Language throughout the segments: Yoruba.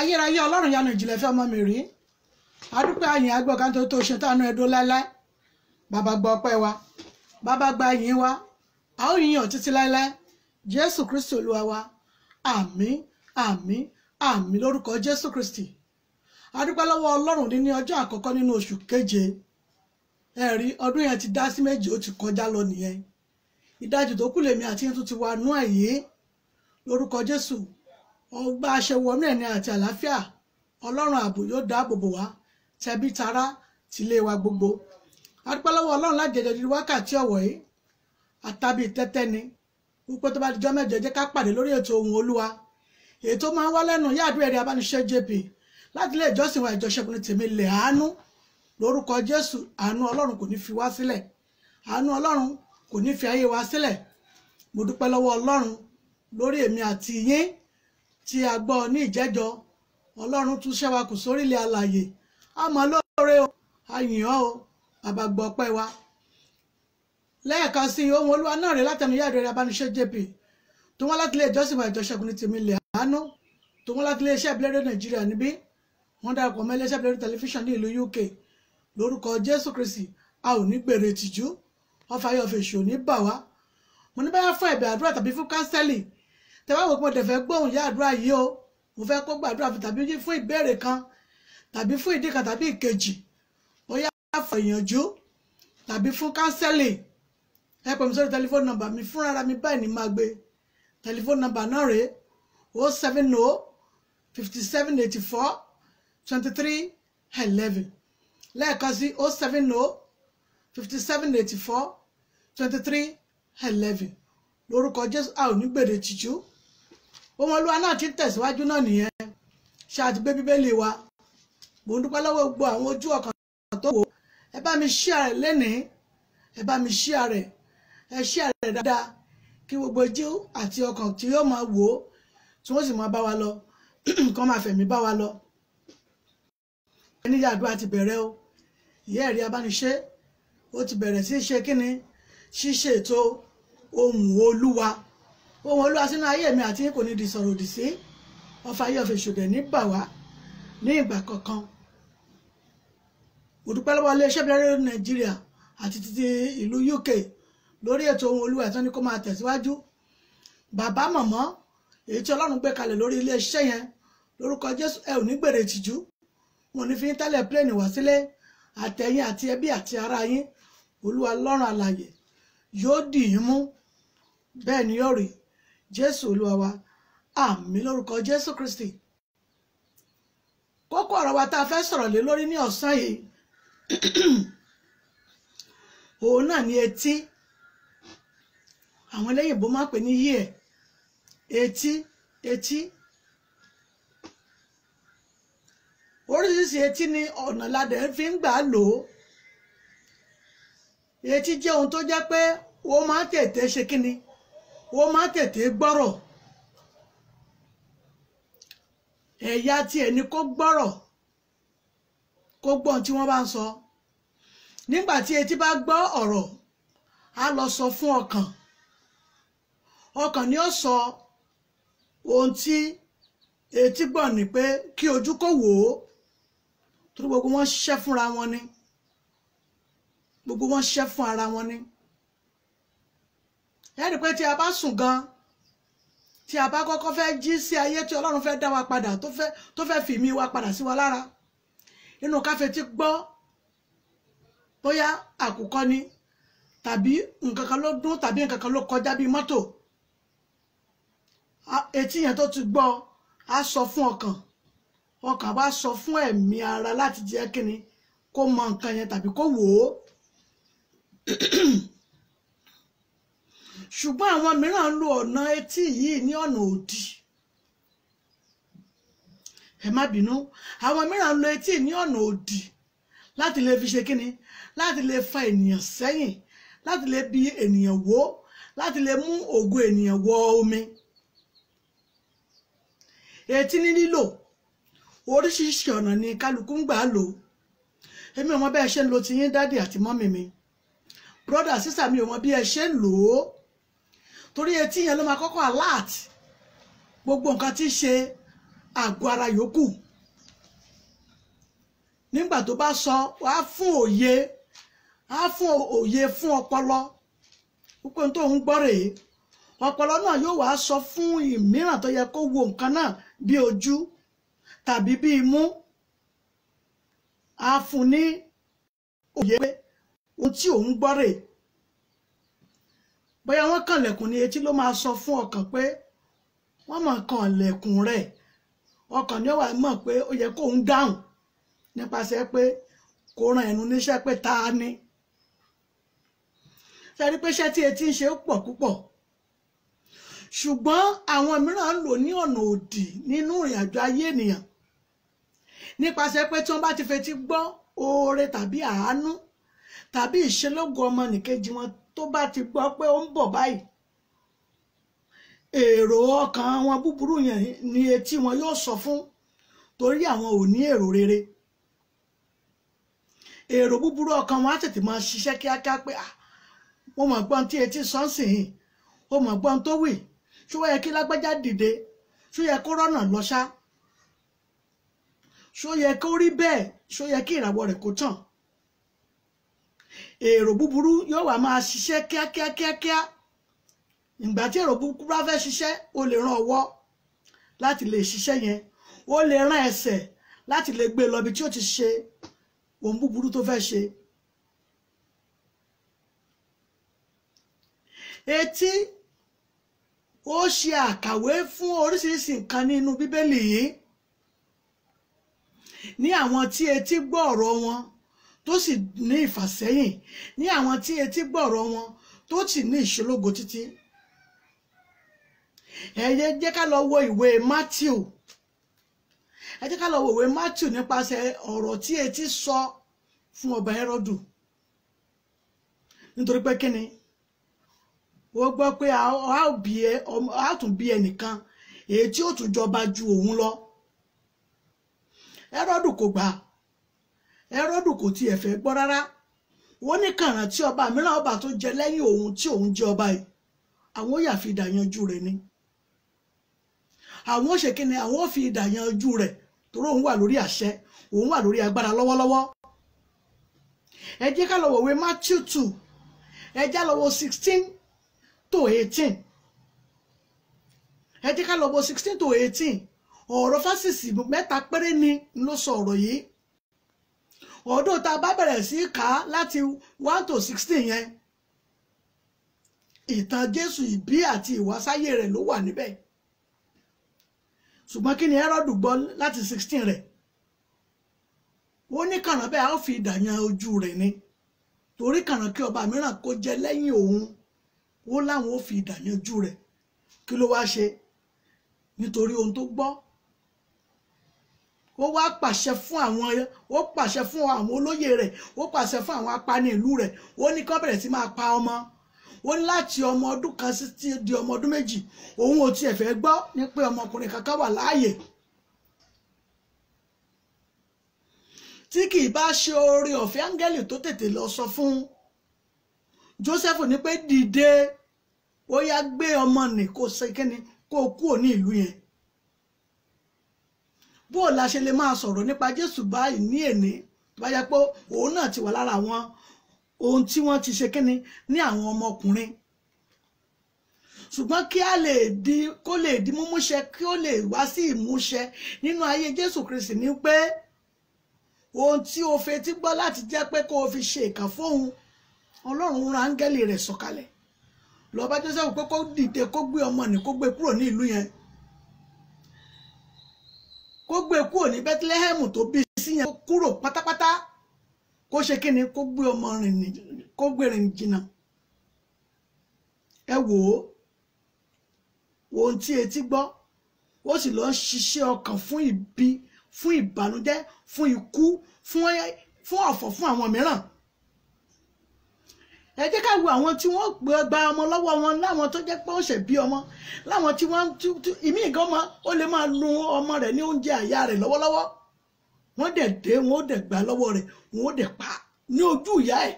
ayérayé ọlọ́run yanu ìjìnlẹ̀ fẹ́ ọmọ mi rí adúpẹ́ àyìn agbọ̀ká tó tó ṣe tánú ẹ̀dọ́ láéláé bàbá gba ọpẹ́ wa bàbá gba àyìn wa a ó yìn ọ́ títí láéláé jésù kristi olúwa wa àmín àmín àmín lórúkọ jésù kristi adúpẹ́ lọ́wọ́ ọlọ́run ní ọjọ́ àkọ́kọ́ nínú oṣù keje ẹ̀rí ọdún yẹn ti dá sí méje ó ti kọjá lọ nìyẹn ìdajì tó kù lèmi àti yẹn tó ti wà nú ẹ̀yẹ lórúkọ jésù ọgbà aṣẹwọnú ẹni àti àlàáfíà ọlọ́run ààbò yóò dáàbò bò wá tẹbí tará tìlé wa gbogbo adúpẹ́ lọ́wọ́ ọlọ́run lájẹjẹ di wákàtí ọ̀wọ̀ yìí àtàbí tẹ́tẹ́ ni wípé tó bá dijọ́ mẹ́jọ jẹ́ ká pàdé lórí ètò ohùn olúwa ètò máa ń wá lẹ́nu yáàdú ẹ̀rí abániṣẹ́ jp láti ilé ìjọsìn wa ìjọṣẹ́gun ní tèmi lè àánú lórúkọ jésù àánú ọlọ́run kò ní fi wá sílẹ̀ àánú ọlọ́run kò ní fi ayé wa sílẹ̀ mo dúpẹ́ lọ́wọ́ ọlọ́run lórí èmi àti yín tí a gbọ́ ní ìjẹ́jọ́ ọlọ́run tún ṣẹ́wà kù sórílẹ̀ alàyè àmọ́ lóore o àyìnbó o bàbá gbọ́ pẹ́ wa lẹ́ẹ̀kan sí ohun olúwa náà rẹ̀ látẹnu yàrá rẹ̀ abániṣẹ́ jp tó wọ́n láti ilé ìjọsìn ìwà ìjọsẹ́gun ní tèmi ilẹ̀ àánú tó wọ́n láti ilé iṣẹ́ ìbílẹ̀rẹ̀ nàìjíríà níbí wọ́n darapọ̀ mọ́ iléeṣẹ́ ìbílẹ̀rẹ̀ tẹlifíṣàn ní ìlú uk lórúkọ jésù kristi a ò ní gbèrè tìjú ọfà ayọ̀fẹ̀ṣẹ̀ ò ní bà wá mo ní báyà fún ẹ̀bẹ̀ àdúrà tàbí fún kánsẹ́lì tẹ́ bá wò pé mo tẹ̀fẹ́ gbóhùn yá àdúrà yìí o mo fẹ́ kó gbàdúrà fún tàbí fún ìbéèrè kan tàbí fún ìdí kan tàbí ìkejì bóyá fún tàbí fún kánsẹ́lì ẹ pè sórí tẹlifóònù nọ́mbà mi fúnra mi báyìí ní máa gbé tẹlifóònù nọ́mbà náà rèé o oh seven o oh fifty seven eighty four twenty three eleven lẹ́ẹ̀kan sí o oh seven o fifty seven eighty four twenty three eleven lórúkọ Jésù a ò tìjú ohun olúwa náà ti ń tẹ̀síwájú náà nìyẹn ṣáàtì gbé bíbélì wa mò ń dúpẹ́ lọ́wọ́ gbogbo àwọn ojú ọkàn tó wò ẹ bá mi ṣí àrẹ lẹ́nìí ẹ bá mi ṣí àrẹ ẹ ṣí àrẹ dáadáa kí gbogbo ojú àti ọkàn tí yóò máa wò ó tí wọ́n sì máa bá wa lọ kán máa fẹ̀mí bá wa lọ. ẹni yàdúrà ti bẹ̀rẹ̀ o ìyá ẹ̀rí abániṣe ó ti bẹ̀rẹ̀ sí ṣe kíni ṣíṣe ètò olúwa ohun olúwa sínú ayé mi àti kò ní di sọ̀rọ̀ òdì sí ọfà ayé ọ̀fẹ́ ṣòdẹ̀ ní bà wá ní ìgbà kankan òdúpẹ́ lọ́wọ́ iléeṣẹ́ bẹ̀rẹ̀ nàìjíríà àti títí ìlú UK lórí ètò ohun olúwa ìtàn ni kó máa tẹ̀síwájú bàbá mọ̀mọ́ èyí tí ọlọ́run gbé kalẹ̀ lórí iléeṣẹ́ yẹn lórúkọ jésù ẹ ò ní gbèrè tìjú wọn ní fi ń tẹ́lẹ̀ pléènì wá sílé àtẹ̀yìn àti ẹbí àti ara yín olúwa lọ́rùn alàyè yóò dì í mú bẹ́ẹ̀ ni yóò rí jésù olúwa wa àmì lórúkọ jésù kristi kókó ọ̀rọ̀ wa tá a fẹ́ sọ̀rọ̀ lé lórí ní ọ̀sán yìí òun náà ni etí àwọn eléyìnbó má pè ní yíẹ̀ etí etí oríṣiríṣi etí ni ọ̀nà ládẹ fi ń gbà lò ó etí jẹ́ ohun tó jẹ́ pé ó máa tètè ṣe kínni ó má tètè gbọ́rọ̀ ẹ̀yà tiẹ̀ ni kó gbọ́rọ̀ kó gbọ́ tí wọ́n bá ń sọ nígbà tí etí bá gbọ́ ọ̀rọ̀ á lọ sọ fún ọkàn ọkàn ni ó sọ ohun tí etí gbọ́ ni pé kí ojú kò wò ó torí gbogbo wọn ṣiṣẹ́ fúnra wọn ni gbogbo wọn ṣiṣẹ́ fún ara wọn ni ẹ̀rí pé tí a bá sùn gan tí a bá kọ́kọ́ fẹ́ jí sí ayé tí ọlọ́run fẹ́ dá wa padà tó fẹ́ tó fẹ́ fi mi wa padà sí wa lára inú káfẹ́ ti gbọ́ bóyá àkùkọ ni tàbí nǹkan kan ló dún tàbí nǹkan kan ló kọjá bíi mọ́tò etí yẹn tó ti gbọ́ a sọ fún ọkàn ọkàn bá sọ fún ẹ̀mí ara láti jẹ́ kíni kó mọ nǹkan yẹn tàbí kó wò ó ṣùgbọ́n àwọn mìíràn lo ọ̀nà etí yìí ní ọ̀nà òdì ẹ má bínú àwọn mìíràn lo etí ní ọ̀nà òdì láti lè fi ṣe kíni láti lè fa ènìyàn sẹ́yìn láti lè bi ènìyàn wó láti lè mú ògo ènìyàn wọ omi etí ní lílò oríṣiríṣi ọ̀nà ni kálukú ń gbà lò èmi ò mọ bí ẹ ṣe ń lo tiyín dádì àti mọ́mì mi brọ́dà sísà mi ò mọ bí ẹ ṣe ń lò ó torí etí yẹn ló máa kọ́kọ́ alert gbogbo nǹkan tí ń ṣe àgọ́ ara yòókù nígbà tó bá sọ wà á fún òye á fún òye fún ọpọlọ púpọ̀ tó ń gbọ́ rèé ọpọlọ náà yóò wá sọ fún ìmíràn tó yẹ kó wo nǹkan náà bí ojú tàbí bí imú á fún ní òye pé ohun tí òun gbọ́ rèé bóyá wọ́n kànlẹ̀kùn ní etí ló máa sọ fún ọkàn pé wọ́n mọ̀ kànlẹ̀kùn rẹ̀ ọkàn ni ó wà mọ̀ pé ó yẹ kóun dáhùn nípasẹ̀ pé kò ran ẹnu níṣẹ́ pé ta ni ṣe rí pé iṣẹ́ tí etí ń ṣe pọ̀ púpọ̀ ṣùgbọ́n àwọn mìíràn ń lò ní ọ̀nà òdì nínú ìrìn àjò ayé ènìyàn nípasẹ̀ pé tí wọ́n bá ti fetí gbọ́ oore tàbí àánú tàbí ìṣelógo ọmọnìkejì wọn tó bá ti gbọ́ pé ó ń bọ̀ báyìí èrò ọkàn wọn búburú yẹn ni etí wọn yóò sọ fún torí àwọn ò ní èrò rere èrò búburú ọkàn wọn á tètè máa ṣiṣẹ́ kíákíá pé ah, mo mọ̀ gbọ́n tí etí sọ́nsìn o mọ̀ gbọ́n tó wì ṣó yẹ kí lágbájá dìde ṣó yẹ kó rọ́nà lọ́ṣá ṣó yẹ kó rí bẹ́ẹ̀ ṣó yẹ kí ìràwọ̀ rẹ̀ kó tàn èrò búburú yóò wá máa ṣiṣẹ́ kíákíákíá ìgbà tí èrò búburú bá fẹ́ ṣiṣẹ́ o lè ran ọwọ́ láti lè ṣiṣẹ́ yẹn o lè ran ẹsẹ̀ láti lè gbé e lọ ibi tí ó ti ṣe ohun búburú tó fẹ́ ṣe. etí ó ṣe àkàwé fún oríṣiríṣi nǹkan nínú bíbélì yìí ní àwọn tí etí gbọ́ ọ̀rọ̀ wọn tó sì ní ìfàsẹ́yìn ní àwọn tí etí gbọ̀rọ̀ wọn tó sì ní ìṣológo títí ẹ jẹ́ ká lọ wo ìwé Matthew ẹ jẹ́ ká lọ wo ìwé Matthew nípasẹ̀ ọ̀rọ̀ tí etí sọ fún ọba Hẹ́rọ́dù nítorí pé kíni wọ́n gbọ́ pé a tún bí ẹnìkan èyí tí ó tún jọba ju òun lọ Hẹ́rọ́dù kò gbà Hẹ́rọ́dù kò tiẹ̀ fẹ́ gbọ́ rárá wọ́n ní kàràn tí ọba mìíràn ọba tó jẹ lẹ́yìn òun tí òun jẹ ọba yìí àwọn yà fi idà yanjú ni àwọn ó ṣe kí ni àwọn ó fi idà yanjú rẹ̀ torí òun wà lórí àṣẹ òun wà lórí agbára lọ́wọ́lọ́wọ́ ẹ jẹ́ ká lọ wọ̀wé Matthew two ẹ já lọ sixteen to eighteen ẹ jẹ́ ká lọ sixteen to eighteen ọ̀rọ̀ fásitì mẹ́ta péré ni ló sọ ọ̀rọ̀ yìí Odo ta a bá bẹ̀rẹ̀ sí ká láti one to sixteen yẹn ìtàn jesu ìbí àti ìwásáyé rẹ̀ ló wà níbẹ̀ ṣùgbọ́n kí ni Herod gbọ́ láti sixteen rẹ̀ ó ní kànáà bẹ́ẹ̀ a ó fi ìdàyàn ojú rẹ̀ ni torí kànáà kí ọba mìíràn kó jẹ lẹ́yìn òun ó láwọn ó fi ìdàyàn ojú rẹ̀ kí ló wá ṣe nítorí ohun tó gbọ́ ó wá pàṣẹ fún àwọn ó pàṣẹ fún àwọn olóyè rẹ̀ ó pàṣẹ fún àwọn apani ìlú rẹ̀ ó ní kán bẹ̀rẹ̀ sí máa pa ọmọ ó ní láti ọmọ ọdún kan sí ti di ọmọ ọdún méjì òun ò tiẹ̀ fẹ́ gbọ́ ní pé ọmọkùnrin kankan wà láàyè tí kì í bá ṣe oore ọ̀fẹ́ áńgẹ́lì tó tètè lọ sọ fún Jósẹ́fù ní pé dìde ó yá gbé ọmọ nì kó ṣe kó kúrò ní ìlú yẹn bó o la ṣe lè máa sọ̀rọ̀ nípa Jésù báyìí ní èní tó bá yẹ pé òun náà ti wà lára àwọn ohun tí wọ́n ti ṣe kínni ní àwọn ọmọkùnrin ṣùgbọ́n kí a lè di kó lè di múmúṣẹ kí ó lè wá sí ìmúṣẹ nínú ayé Jésù Kristi ni pé ohun tí o fetí gbọ́ láti jẹ́ pé kó o fi ṣe ìkà fóun Ọlọ́run rán áńgẹ́lì rẹ̀ sọ̀kalẹ̀ lọ bá Jósẹ́fù pé kó dìde kó gbé ọmọ nì kó gbé kúrò ní ìlú yẹn kó gbé kúrò ní Bethlehem tó bí sí yẹn kó kúrò pátápátá kó ṣe kí ni kó gbé ọmọ rìn kó gbé rìn jìnnà ẹ wò ó ohun tí etí gbọ́ ó sì lọ ṣiṣẹ́ ọkàn fún ibi fún ìbànújẹ́ fún ikú fún ọ̀fọ̀ fún àwọn mìíràn ẹ jẹ́ ká wo àwọn tí wọ́n gba ọmọ lọ́wọ́ wọn láwọn tó jẹ́ pé ó ṣẹ̀ bí ọmọ láwọn tí wọ́n ìmí nǹkan ọmọ ó lè máa lu ọmọ rẹ̀ ní oúnjẹ àyà rẹ̀ lọ́wọ́lọ́wọ́ wọ́n dẹ̀ dé wọ́n dẹ̀ gbà lọ́wọ́ rẹ̀ wọ́n dẹ̀ pa ní ojú ìyá ẹ̀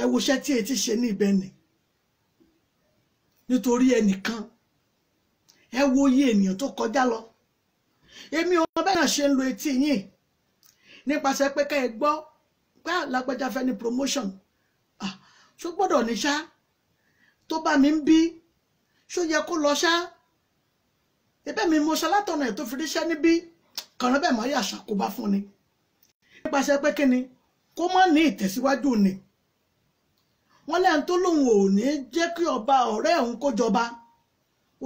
ẹ wo iṣẹ́ tí etí ṣe ní ibẹ̀ nì nítorí ẹnìkan ẹ wo iye ènìyàn tó kọjá lọ èmi ò bẹ́ẹ̀ náà ṣe ń lo etí yín nípasẹ̀ pé ká ẹ gbọ́ pé lágbájá fẹ́ ní promotion ah, ṣó gbọ́dọ̀ ní ṣá tó bá mi ń bí ṣó yẹ kó lọ ṣá ẹ̀bẹ̀ mi mo ṣe látọ̀nà ẹ̀ tó fi ríṣẹ́ níbí kànáà bẹ́ẹ̀ máa yà ṣàkóbá fún ni nípasẹ̀ pé kí ni kó má ní ìtẹ̀síwájú ni wọ́n lẹ́yìn tó lóun ò ní jẹ́ kí ọba ọ̀rẹ́ òun kó jọba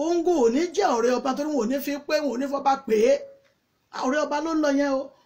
òun kò ní jẹ́ ọ̀rẹ́ ọba torí òun ò ní fi pé òun ò ní fọba pè é ọ̀rẹ́ ọba ló ń lọ yẹn o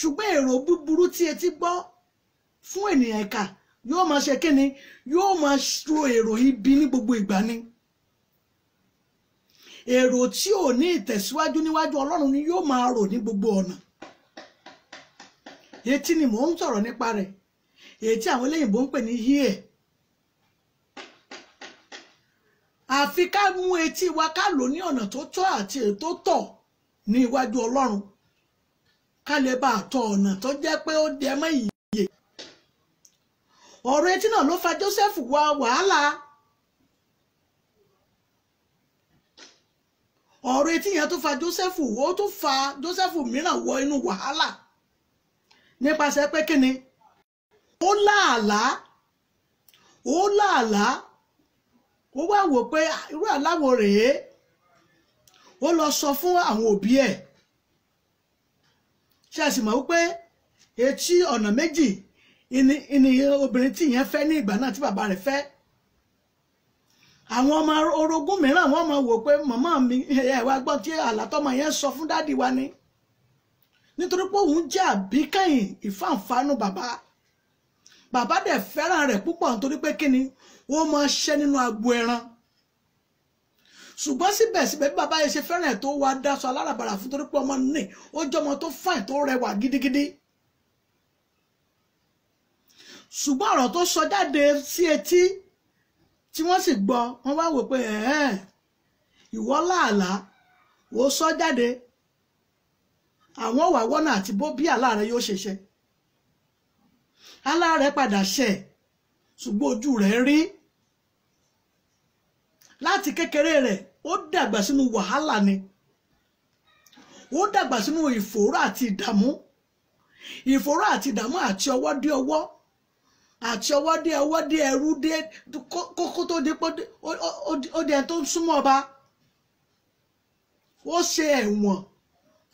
ṣùgbọ́n èrò búburú tí etí gbọ́ fún ènìyàn ẹ̀ka yóò máa ṣe kíni yóò máa so èrò ibi ní gbogbo ìgbà ni èrò tí ò ní ìtẹ̀síwájú níwájú ọlọ́run ni yóò máa rò ní gbogbo ọ̀nà etí ni mò ń sọ̀rọ̀ nípa rẹ̀ Etí àwọn eléyìnbó ń pè ní híẹ̀ àfi ká mú etí wa ká lò ní ọ̀nà tó tọ́ àti èyí tó tọ̀ ní iwájú ọlọ́run ká lè bá àtọ ọ̀nà tó jẹ́ pé ó dẹ mọ́ ìyè ọ̀rọ̀ etí náà ló fa Joseph wá wàhálà ọ̀rọ̀ etí yẹn tó fa Joseph ó tún fa Joseph mìíràn wọ inú wàhálà nípasẹ̀ pé kíni ó láàlá ó láàlá ó wá wò pé irú àláwọ̀ rèé ó lọ sọ fún àwọn òbí ẹ̀ ṣe a sì mọ̀ wípé etí ọ̀nà méjì ni obìnrin tí ìyẹn fẹ́ ní ìgbà náà tí bàbá rẹ̀ fẹ́ àwọn ọmọ orogún mìíràn wọ́n máa wò pé màmá mi ẹ wá gbọ́ tí àlàtọ́mọ yẹn sọ fún dádì wa ni nítorí pé òun jẹ́ àbíkẹ́yìn ìfàǹfàànù bàbá bàbá dẹ̀ fẹ́ràn rẹ̀ púpọ̀ nítorí pé kíni ó máa ṣẹ́ nínú agbo ẹran ṣùgbọ́n síbẹ̀síbẹ̀ bí bàbá yẹn ṣe fẹ́ràn ẹ̀ tó wá dáṣọ aláràbarà fún torí pé ọmọ ní ó jọmọ tó fàì tó rẹwà gidigidi ṣùgbọ́n ọ̀rọ̀ tó sọ jáde sí etí tí wọ́n sì gbọ́ wọ́n wá wò pé ìwọ láàlá wò sọ jáde àwọn wà wọ́nà àti bó bí àlá rẹ yóò ṣe ṣe àlá rẹ padà ṣẹ ṣùgbọ́n ojú rẹ rí láti kékeré rẹ̀ ó dàgbà sínú wàhálà ni ó dàgbà sínú ìfòòró àti ìdààmú ìfòòró àti ìdààmú àti ọwọ́ dé ọwọ́ àti ọwọ́ dé ọwọ́ dé ẹrú dé kókó tó dé pé ó dé ẹni tó ń súnmọ́ ọba ó ṣe ẹ̀wọ̀n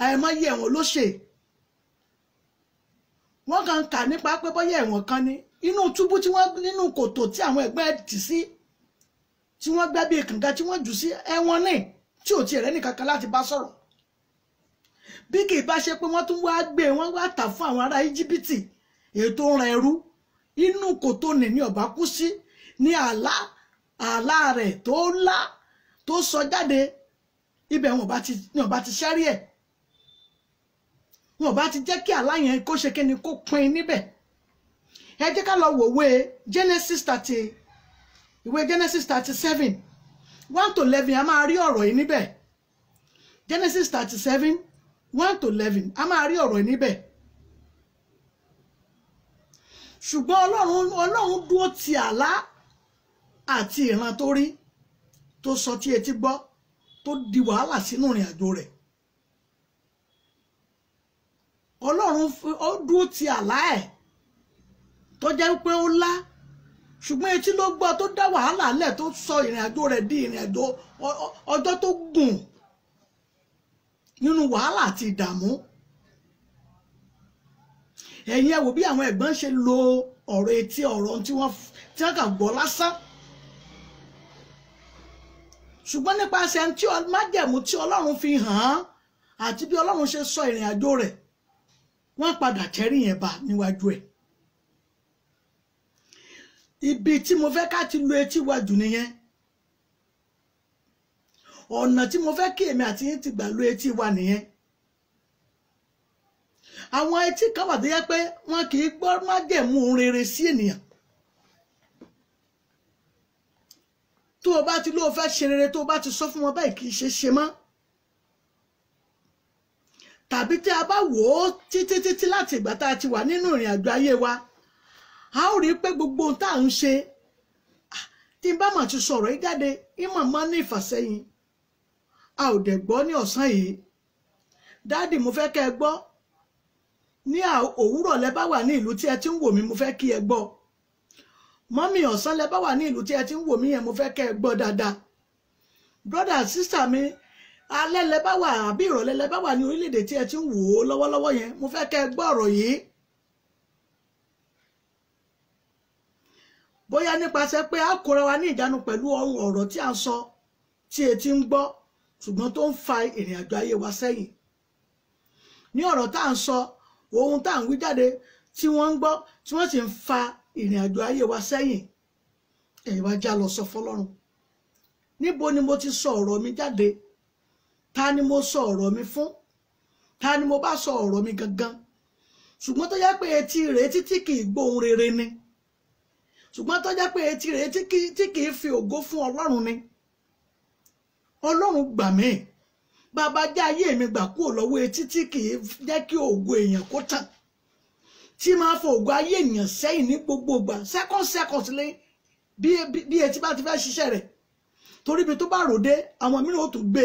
àìmọye ẹ̀wọ̀n ló ṣe wọ́n kàn ń kà nípa pé bọ́yá ẹ̀wọ̀n kan ni inú túbú tí wọ́n nínú kòtò tí àwọn ẹ̀gbẹ́ ẹ̀ tì sí. Si tí wọ́n gbẹ́ bí kànga tí wọ́n jù sí ẹ̀wọ̀n ní tí ò tiẹ̀ rẹ́nì kankan láti bá sọ̀rọ̀ bí kì í bá ṣe pé wọ́n tún wá gbé wọ́n wá tà fún àwọn ará íjíbítì ètò ń ra ẹrú inú kòtò nì ní ọ̀bá kú sí ní àlá àlá rẹ̀ tó ńlá tó sọ jáde ibẹ̀ wọn bá ti ṣẹ́rí ẹ̀ wọn bá ti jẹ́ kí àlá yẹn kó ṣe kí ni kó pin níbẹ̀ ẹ jẹ́ ká lọ wòwe Genesis thirty ìwé Genesis thirty seven one to eleven a máa rí ọ̀rọ̀ yìí níbẹ̀ Genesis thirty seven one to eleven a máa rí ọ̀rọ̀ yìí níbẹ̀ ṣùgbọ́n ọlọ́run ọlọ́run dúró ti àlá àti ìran tó rí tó sọ tí etí gbọ́ tó di wàhálà sínú ìrìn àjò rẹ̀ ọlọ́run ó dúró ti àlá ẹ̀ tó jẹ́ pé ó lá ṣùgbọ́n etí ló gbọ́ tó dá wàhálà lẹ̀ tó sọ ìrìn àjò rẹ̀ di ìrìn àjò ọjọ́ tó gùn nínú wàhálà àti ìdààmú ẹ̀yin ẹ wò bí àwọn ẹ̀gbọ́n ṣe lo ọ̀rọ̀ etí ọ̀rọ̀ tí wọ́n tí wọ́n kà gbọ́ lásán ṣùgbọ́n nípasẹ̀ tí májẹ̀mú tí ọlọ́run fi hàn án àti bí ọlọ́run ṣe sọ ìrìn àjò rẹ̀ wọ́n padà tẹ́rí yẹn bá níwájú ẹ̀ ibi tí mo fẹ́ ká ti lo etí wa jù nìyẹn ọ̀nà tí mo fẹ́ kí èmi àti yín ti gbà lo etí wa nìyẹn àwọn etí kan wà tó yẹ pé wọn kì í gbọ́ májẹ̀mú rere sí ènìyàn tó o bá ti lóo fẹ́ ṣe rere tó o bá ti sọ fún wọn báyìí kì í ṣe ṣe mọ́ tàbí tí a bá wò ó títí títí láti ìgbà tá a ti wà nínú ìrìn àjò ayé wa a ó rí pé gbogbo ohun tá à ń ṣe ah, tí n bá mà ti sọ̀rọ̀ yìí jáde ìmọ̀ máa ní ìfàsẹ́yìn a ò dẹ̀ gbọ́ ní ọ̀sán yìí dáàdì mo fẹ́ kẹ́ ẹ gbọ́ ní òwúrọ̀ lẹ bá wà ní ìlú tí ẹ ti ń wò mí mo fẹ́ kí ẹ gbọ́ mọ́mì ọ̀sán lẹ bá wà ní ìlú tí ẹ ti ń wò mí yẹn mo fẹ́ kẹ́ ẹ gbọ́ dáadáa brọ́dà sísà mi alẹ́ lẹ bá wà àbí ìrọ̀lẹ́ lẹ bá wà ní orílẹ̀-èdè tí ẹ ti ń wò ó lọ́wọ́lọ́wọ́ yẹn mo fẹ́ kẹ́ ẹ gbọ́ ọ̀rọ̀ yìí bóyá nípasẹ̀ pé a kóra wa ní ìjánu pẹ̀lú ohun ọ̀rọ̀ tí a ń sọ tí etí ń gbọ́ ṣùgbọ́n tó ń fa ìrìn àjò ayé wa sẹ́yìn ní ọ̀rọ̀ tá à ń sọ ohun tá à ń wí jáde tí wọ́n ń gbọ́ tí wọ́n sì ń fa ìrìn àjò ayé wa sẹ́yìn ẹ̀yin wá já lọ sọ fọlọ́run níbo ni mo ti sọ ọ̀rọ̀ mi jáde ta ni mo sọ ọ̀rọ̀ mi fún ta ni mo bá sọ ọ̀rọ̀ mi gangan ṣùgbọ́n tó yẹ pé etí rẹ̀ títí kì í gbóhun rere ni ṣùgbọ́n tó jẹ́ pé etí rẹ̀ tí kì í fi ògo fún ọlọ́run ni ọlọ́run gbà mí bàbá jẹ́ ayé mi gbà kúrò lọ́wọ́ etí tí kì í jẹ́ kí ògo èèyàn kó tàn tí máa fọ ògo ayé ènìyàn sẹ́yìn ní gbogbo ìgbà second second lé bí etí bá ti fẹ́ ṣiṣẹ́ rẹ̀ torí ibi tó bá ròde àwọn mìíràn ó tún gbé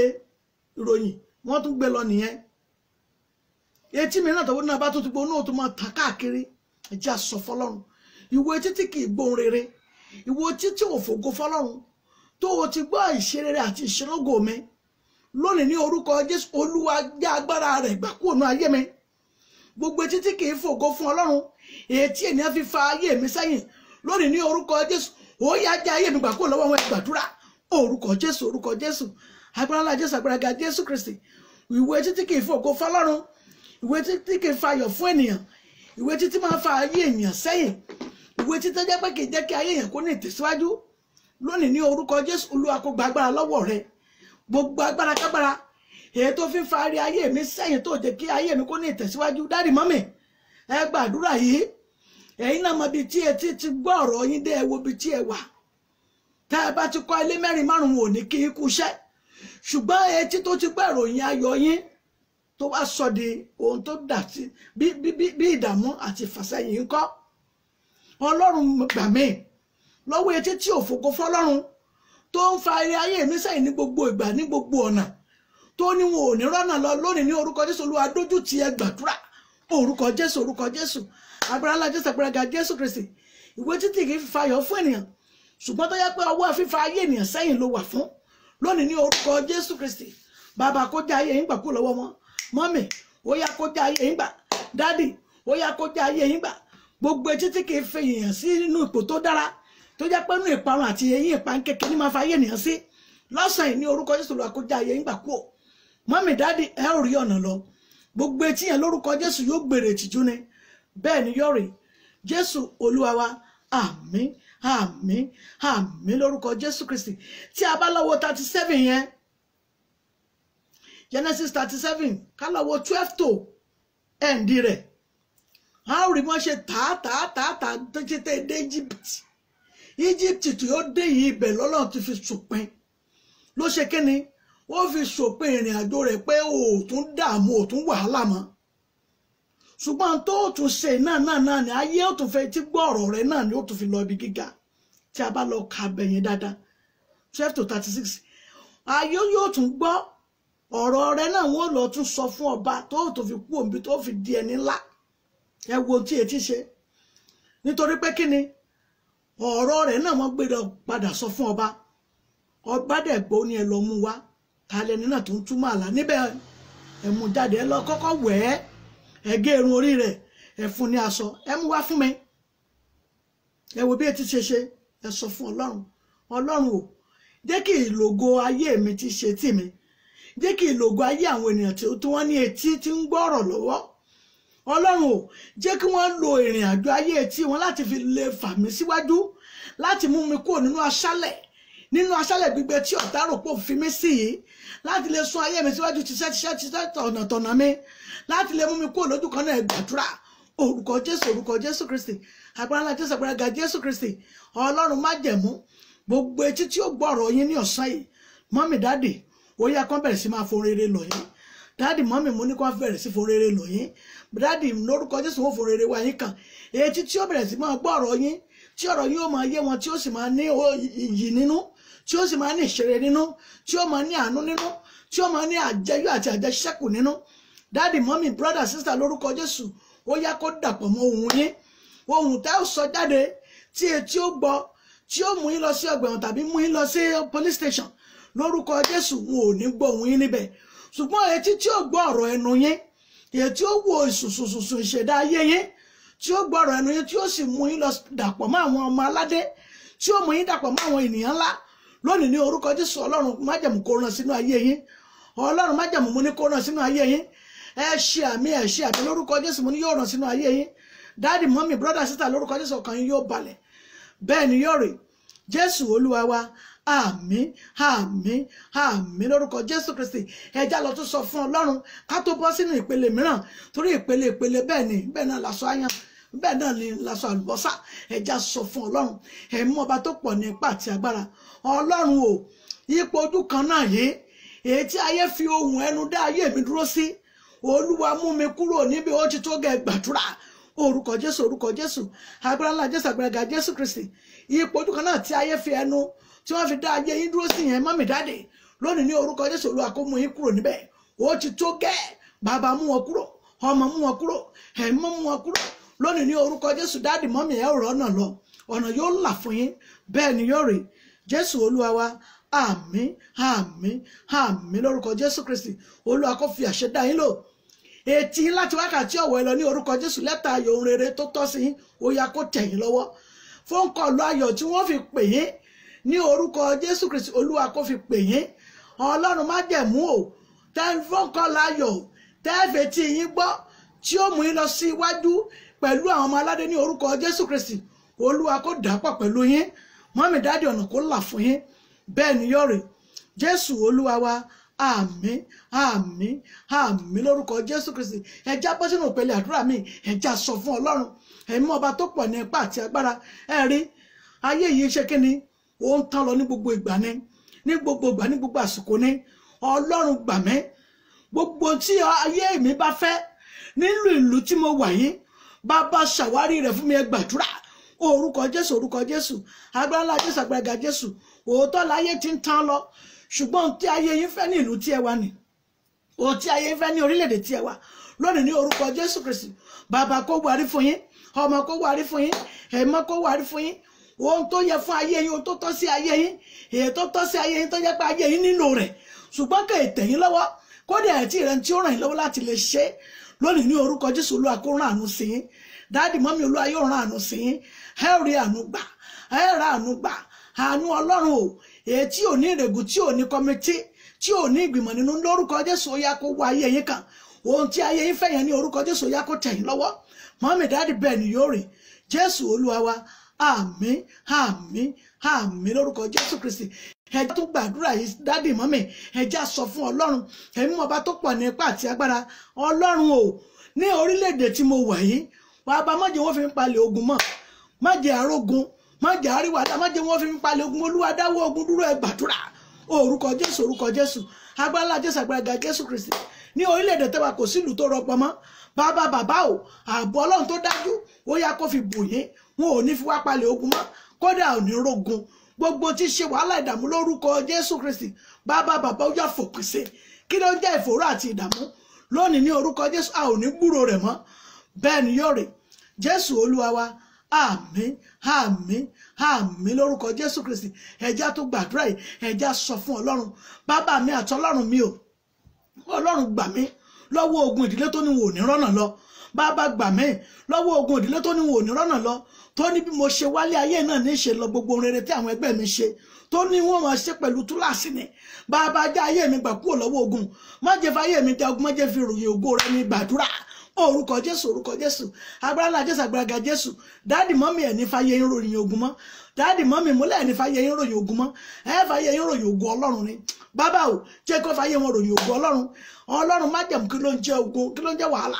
ìròyìn wọ́n tún gbé lọ nìyẹn etí mìíràn tọ́wọ́ náà bá tó ti gbóná ó tún máa tàn káàkiri ẹ̀jẹ̀ àsọ̀fọ́lọ́run ìwọ etí tí kì í gbóhùn rere ìwọ etí tí ò fògo fọlọ́run tó o ti gbọ́ ìṣerere àti ìṣelógo mi lónìí ní orúkọ jésù olúwa gbé agbára rẹ̀ gbà kúrò ní ayé mi gbogbo etí tí kì í fògo fún ọlọ́run ètí ènìyàn fi fa ayé mi sẹ́yìn lónìí ní orúkọ jésù ó yá jẹ́ ayé mi gbà kúrò lọ́wọ́ wọn gbàdúrà orúkọ jésù orúkọ jésù agbára ńlá jésù agbára ga jésù kristi ìwé etí tí kì í fògo fọlọ́run ìwé etí tí kì í fa ayọ̀ fún ènìyàn ìwé etí tí máa fa ayé ènìyàn sẹ́yìn ìwé títẹ́ jẹ́ pé kì í jẹ́ kí ayé yẹn kó ní ìtẹ̀síwájú lónìí ní orúkọ jésù olúwa kó gba agbára lọ́wọ́ rẹ gbogbo agbára kágbára èyí tó fi ń fa ayé ayé mi sẹ́yìn tó jẹ́ kí ayé mi kó ní ìtẹ̀síwájú dáàdì mọ́mì ẹ gbàdúrà yìí ẹ̀yin náà mọ ibi tí ẹ ti ti gbọ́ ọ̀rọ̀ yín dé ẹ wo ibi tí ẹ wà tá ẹ bá ti kọ́ ilé mẹ́rin márùn-ún òní kí ikú iṣẹ́ ṣùgbọ́n etí tó ti gbọ́ ìròyìn ayọ̀ yín tó wá sọ di ohun tó dà sí bí ìdààmú àti ìfàsẹ́yìn ńkọ́ ọlọ́run gbà mí lọ́wọ́ etí tí ò fògo fọlọ́run tó ń fa eré ayé mi sẹ́yìn ní gbogbo ìgbà ní gbogbo ọ̀nà tó ní wọn ò ní rọ́nà lọ lónìí ní orúkọ jésù olúwa dójú ti ẹ gbàdúrà orúkọ jésù orúkọ jésù agbára ńlá jésù agbára ga jésù kristi ìwé títì kì í fi fayọ̀ fún ènìyàn ṣùgbọ́n tó yẹ pé ọwọ́ fífa ayé ènìyàn sẹ́yìn ló wà fún lónìí ní orúkọ jésù kristi bàbá kó ayé yín gbà kú lọ́wọ́ mọ́mì ó yá kó ayé yín gbà dádì ó yá kó ayé yín gbà gbogbo etí tí kì í fi èèyàn sí inú ipò tó dára tó jẹ́ pé inú ìparun àti eyín ìparun kékeré ní máa fa ayé ènìyàn sí lọ́sàn-án yìí ní orúkọ Jésù lọ́wọ́ àkójá ayé yín gbà kú ò mọ́mì dáàdì ẹ ò rí ọ̀nà lọ gbogbo etí yẹn lórúkọ Jésù yóò gbèrè ìtìjú ni bẹ́ẹ̀ ni yóò Jésù Olúwa wa àmín àmín lórúkọ Jésù Kristi tí a bá lọ́wọ́ thirty seven yẹn Genesis thirty seven ká lọ́wọ́ twelve to ẹ̀ǹdí rẹ̀ a ó rí wọn ṣe tààtààtààtà tó ṣe tẹ́ dé Egypt Egypt tí ó dé yìí ibẹ̀ lọ́lọ́run ti fi ṣòpin ló ṣe kí ni ó fi ṣòpin ìrìn àjò rẹ̀ pé òòtún dààmú òòtún wàhálà mọ́ ṣùgbọ́n tó o tún ṣe náà náà náà ni ayé ó tún fẹ́ tí gbọ́ ọ̀rọ̀ rẹ náà ni ó tún fi lọ ibi gíga tí a bá lọ ka bẹ̀yẹn dáadáa twelve to thirty six ayé yóò tún gbọ́ ọ̀rọ̀ rẹ náà wọ́n lọ tún sọ fún ọba tó o tún fi kú òǹbí tó o fi di ẹni ńlá ẹ wo tí etí ṣe nítorí pé kí ni ọ̀rọ̀ rẹ̀ náà wọ́n gbé padà sọ fún ọba ọba dẹ̀ gbó ni ẹ lọ mú wá kalẹ̀ nínà tó ń túmọ̀ àlá níbẹ̀ ẹ mú jáde ẹ lọ kọ́kọ́ wẹ̀ ẹ́ ẹ gé irun orí rẹ̀ ẹ fún ní aṣọ ẹ mú wá fún mi ẹ wo bí etí ṣe ṣe ẹ sọ fún ọlọ́run ọlọ́run o jẹ́ kí ìlògo ayé mi ti ṣe tì mí jẹ́ kí ìlògo ayé àwọn ènìyàn tí wọ́n ní etí ti ń gbọ́ ọ̀rọ̀ lọ́wọ́ ọlọ́run ò jẹ́ kí wọ́n lo ìrìn àjò ayé etí wọn láti fi lè fà mí síwájú láti mú mi kúrò nínú aṣálẹ̀ nínú aṣálẹ̀ gbígbẹ tí ọ̀tá rò pò fi mí sí yìí láti lè sún ayé mi síwájú tiṣẹ́ tiṣẹ́ tiṣẹ́ tọ̀nà tọ̀nà mi láti lè mú mi kúrò lójú kan náà gbàdúrà orúkọ jésù orúkọ jésù kristi agbára ńlá jésù agbára ga jésù kristi ọlọ́run má jẹ̀mú gbogbo etí tí ó gbọ́ ọ̀rọ̀ yín ní ọ̀sán yìí mọ́mì dáàdì ó yá kán bẹ̀rẹ̀ sí máa fo rere lọ yín dáàdì mọ́mì mo ní kán bẹ̀rẹ̀ sí fo rere lọ yín dádì lórúkọ jésù wọn fòrò rere wa yín kan etí tí ó bẹ̀rẹ̀ sí máa gbọ́ ọ̀rọ̀ yín tí ọ̀rọ̀ yín ó máa yé wọn tí ó sì máa ní iyì nínú tí ó sì máa ní ìṣeré nínú tí ó máa ní àánú nínú tí ó máa ní àjẹyó àti àjẹṣẹ́kù nínú dádì mọ́mì brọ́dà sísà lórúkọ jésù ó yá kó dàpọ̀ mọ́ ohun yín ohun tá ó sọ jáde tí etí ó gbọ́ tí ó mú yín lọ sí ọgbẹ̀wọ̀n tàbí mú yín lọ sí police station lórúkọ jésù wọn ò ní gbọ́ ohun yín níbẹ̀ ṣùgbọ́n etí tí ó gbọ́ ọ̀rọ̀ ẹnu yín èyí tí ó wo ìsùnsùnsùn ìṣẹ̀dá ayé yín tí ó gbọ́rọ̀ ẹnu yín tí ó sì mú yín lọ dàpọ̀ mọ́ àwọn ọmọ aládé tí ó mú yín dàpọ̀ mọ́ àwọn ènìyàn ńlá lónìí ní orúkọ Jésù Ọlọ́run májẹ̀mú kó rán sínú ayé yín Ọlọ́run májẹ̀mú mo ní kó rán sínú ayé yín ẹ ṣe àmì ẹ ṣe àmì lórúkọ Jésù mo ní yóò rán sínú ayé yín dáàdì mọ́mì brọ́dà sísà lórúkọ Jésù ọkàn yín yóò balẹ̀ bẹ́ẹ̀ ni yóò rè Jésù Olúwa wa àmín àmín àmín lórúkọ jésù kristi ẹja lọ tún sọ fún ọlọ́run ká tó bọ́ sínú ìpele mìíràn torí ìpele ìpele bẹ́ẹ̀ ni bẹ́ẹ̀ náà làṣọ àyàn bẹ́ẹ̀ náà ni làṣọ àlùbọ́sà ẹja sọ fún ọlọ́run ẹ̀mú ọba tó pọ̀ ní ipá àti agbára ọlọ́run o yípo ojú kan náà yìí èyí tí ayé fi ohun ẹnu dá ayé mi dúró sí olúwa mú mi kúrò níbi ó ti tó gẹ gbàdúrà orúkọ jésù orúkọ jésù agbára ńlá jésù àgbàràgà jésù kristi yípo ojú kan náà tí ayé fi ẹnu tí wọ́n fi dá ayé yín dúró sí yẹn mọ́mì dáde lónìí ní orúkọ Jésù Olúwa kó mú yín kúrò níbẹ̀ ó ti tó gẹ́ bàbá mú wọn kúrò ọmọ mú wọn kúrò ẹ̀mọ́ mú wọn kúrò lónìí ní orúkọ Jésù dáàdì mọ́mì ẹ̀ ọ̀rọ̀ náà lọ ọ̀nà yóò là fún yín bẹ́ẹ̀ ni yóò rí Jésù Olúwa wa àmín àmín àmín lórúkọ Jésù Kristi Olúwa kó fi àṣẹ dá yín lò ètí láti wákàtí ọ̀wọ̀ ẹ lọ ní orúkọ Jésù lẹ́tà ayọ̀ ohun rere tó tọ́ sí yín ó yá kó tẹ̀ yín lọ́wọ́ kọlu ayọ̀ tí wọ́n fi pè yín ní orúkọ jésù kristi olúwa kó fi pè yín ọlọ́run má jẹ̀mú o tẹ́ ń fọ́nkọ́ láyọ̀ tẹ́ fẹ́ tí yín gbọ́ tí ó mú yín lọ sí iwájú pẹ̀lú àwọn ọmọ aládé ní orúkọ jésù kristi olúwa kó dàpọ̀ pẹ̀lú yín mọ́mí dáàdì ọ̀nà kó là fún yín bẹ́ẹ̀ ni yóò rè jésù olúwa wa àmín àmín àmín lórúkọ jésù kristi ẹjá bọ́ sínú ìpele àdúrà mi ẹjá sọ fún ọlọ́run ẹ̀mí ọba tó pọ̀ ní ipá àti agbára ẹ̀rí ayé yìí ṣe kí ni ó ń tán lọ ní gbogbo ìgbà ni ní gbogbo ìgbà ní gbogbo àsìkò ni ọlọ́run gbà mí gbogbo tí ayé mi bá fẹ́ nílùú ìlú tí mo wà yín bàbá ṣàwárí rẹ̀ fún mi ẹ gbàdúrà orúkọ jésù orúkọ jésù agbára ńlá jésù agbára ga jésù òótọ́ láyé ti ń tán lọ ṣùgbọ́n tí ayé yín fẹ́ ní ìlú tí ẹ wà ní òun tí ayé fẹ́ ní orílẹ̀-èdè tí ẹ wà lónìí ní orúkọ jésù kristi bàbá kó wárí fún yín ọmọ kó wárí fún yín ẹ̀mọ́ kó wárí fún yín ohun tó yẹ fún ayé yín ohun tó tọ́ sí ayé yín èyí tó tọ́ sí ayé yín tó jẹ́ pé ayé yín nílò rẹ̀ ṣùgbọ́n kò tẹ̀ yín lọ́wọ́ kódà ẹ̀tí rẹ̀ tí ó ràn yín lọ́wọ́ láti lè ṣe lónìí ní orúkọ jésù olúwa kó rán àánú sí yín dáàdì mọ́mí olúwa yóò rán àánú sí yín ẹ rí àánú gbà ẹ ra àánú gbà àánú ọlọ́run o èyí tí ò ní ìrègùn tí ò ní kọmitì tí ò ní ìgbìmọ̀ nínú lórúkọ jésù ó yá kó wọ ayé yín kan ohun tí ayé yín fẹ́ yẹn ní orúkọ jésù ó yá kó tẹ̀ lọ́wọ́ mọ́mí dáàdì bẹ́ẹ̀ ni yóò rìn jésù olúwa wa àmín àmín àmín lórúkọ jésù kristi ẹjá tó gbàdúrà yìí dádì mọ́mì ẹjá sọ fún ọlọ́run ẹ̀mí ọba tó pọ̀ ní ipá àti agbára ọlọ́run o ní orílẹ̀-èdè tí mo wà yìí wàá bá má jẹ́ wọ́n fi ń palẹ̀ ogun mọ́ má jẹ́ arógun má jẹ́ àríwá má jẹ́ wọ́n fi ń palẹ̀ ogun olúwa dáwọ́ ogun dúró ẹ gbàdúrà orúkọ jésù orúkọ jésù agbára jésù agbára jésù kristi ní orílẹ̀-èdè tẹ́wà kò sílùú tó rọpọ mọ́ bàbá bàbá o ààbò ọlọ́run tó dájú ó yá kó fi bò yín wọn ò ní fi wá palẹ̀ ogun mọ́ kódà ò ní rógun gbogbo tí ṣe wàhálà ìdààmú lórúkọ jésù kristi bàbá bàbá ó yà fòpin sí kí ló ń jẹ́ ìfòòró àti ìdààmú lónìí ní orúkọ jésù a ò ní gbúrò rẹ̀ mọ́ bẹ́ẹ̀ ni yóò rè jésù olúwa wa àmín àmín àmín lórúkọ jésù kristi ẹja tó gbàdúrà yìí ẹja sọ fún ọlọ́run bàbá mi àti ọlọ́run mi o ọlọ́run gbà mí lọ́wọ́ ogun ìdílé tó ní wò ní rọ́nà lọ bàbá gbà mí lọ́wọ́ ogun ìdílé tó ní wò ní rọ́nà lọ tó ní bí mo ṣe wálé ayé náà ní ṣe lọ gbogbo rere tí àwọn ẹgbẹ́ mi ṣe tó ní wọ́n máa ṣe pẹ̀lú túláàsì ni bàbá já ayé mi gbà kúrò lọ́wọ́ ogun má jẹ́ fáyé mi já ogun má jẹ́ fi ròyìn ògo rẹ ní gbàdúrà orúkọ jésù orúkọ jésù agbára ńlá jésù agbára ga jésù dáàdì mọ́mì ẹ̀ ní fàyè yín ròyìn ogun mọ́ dáàdì mọ́mì múlẹ̀ ẹ̀ ní fàyè yín ròyìn ogun mọ́ ẹ̀ fàyè yín ròyìn ogun ọlọ́run ni bàbá o jẹ́ kó fàyè wọn ròyìn ogun ọlọ́run ọlọ́run má jẹ̀mú kí ló ń jẹ́ ogun kí ló ń jẹ́ wàhálà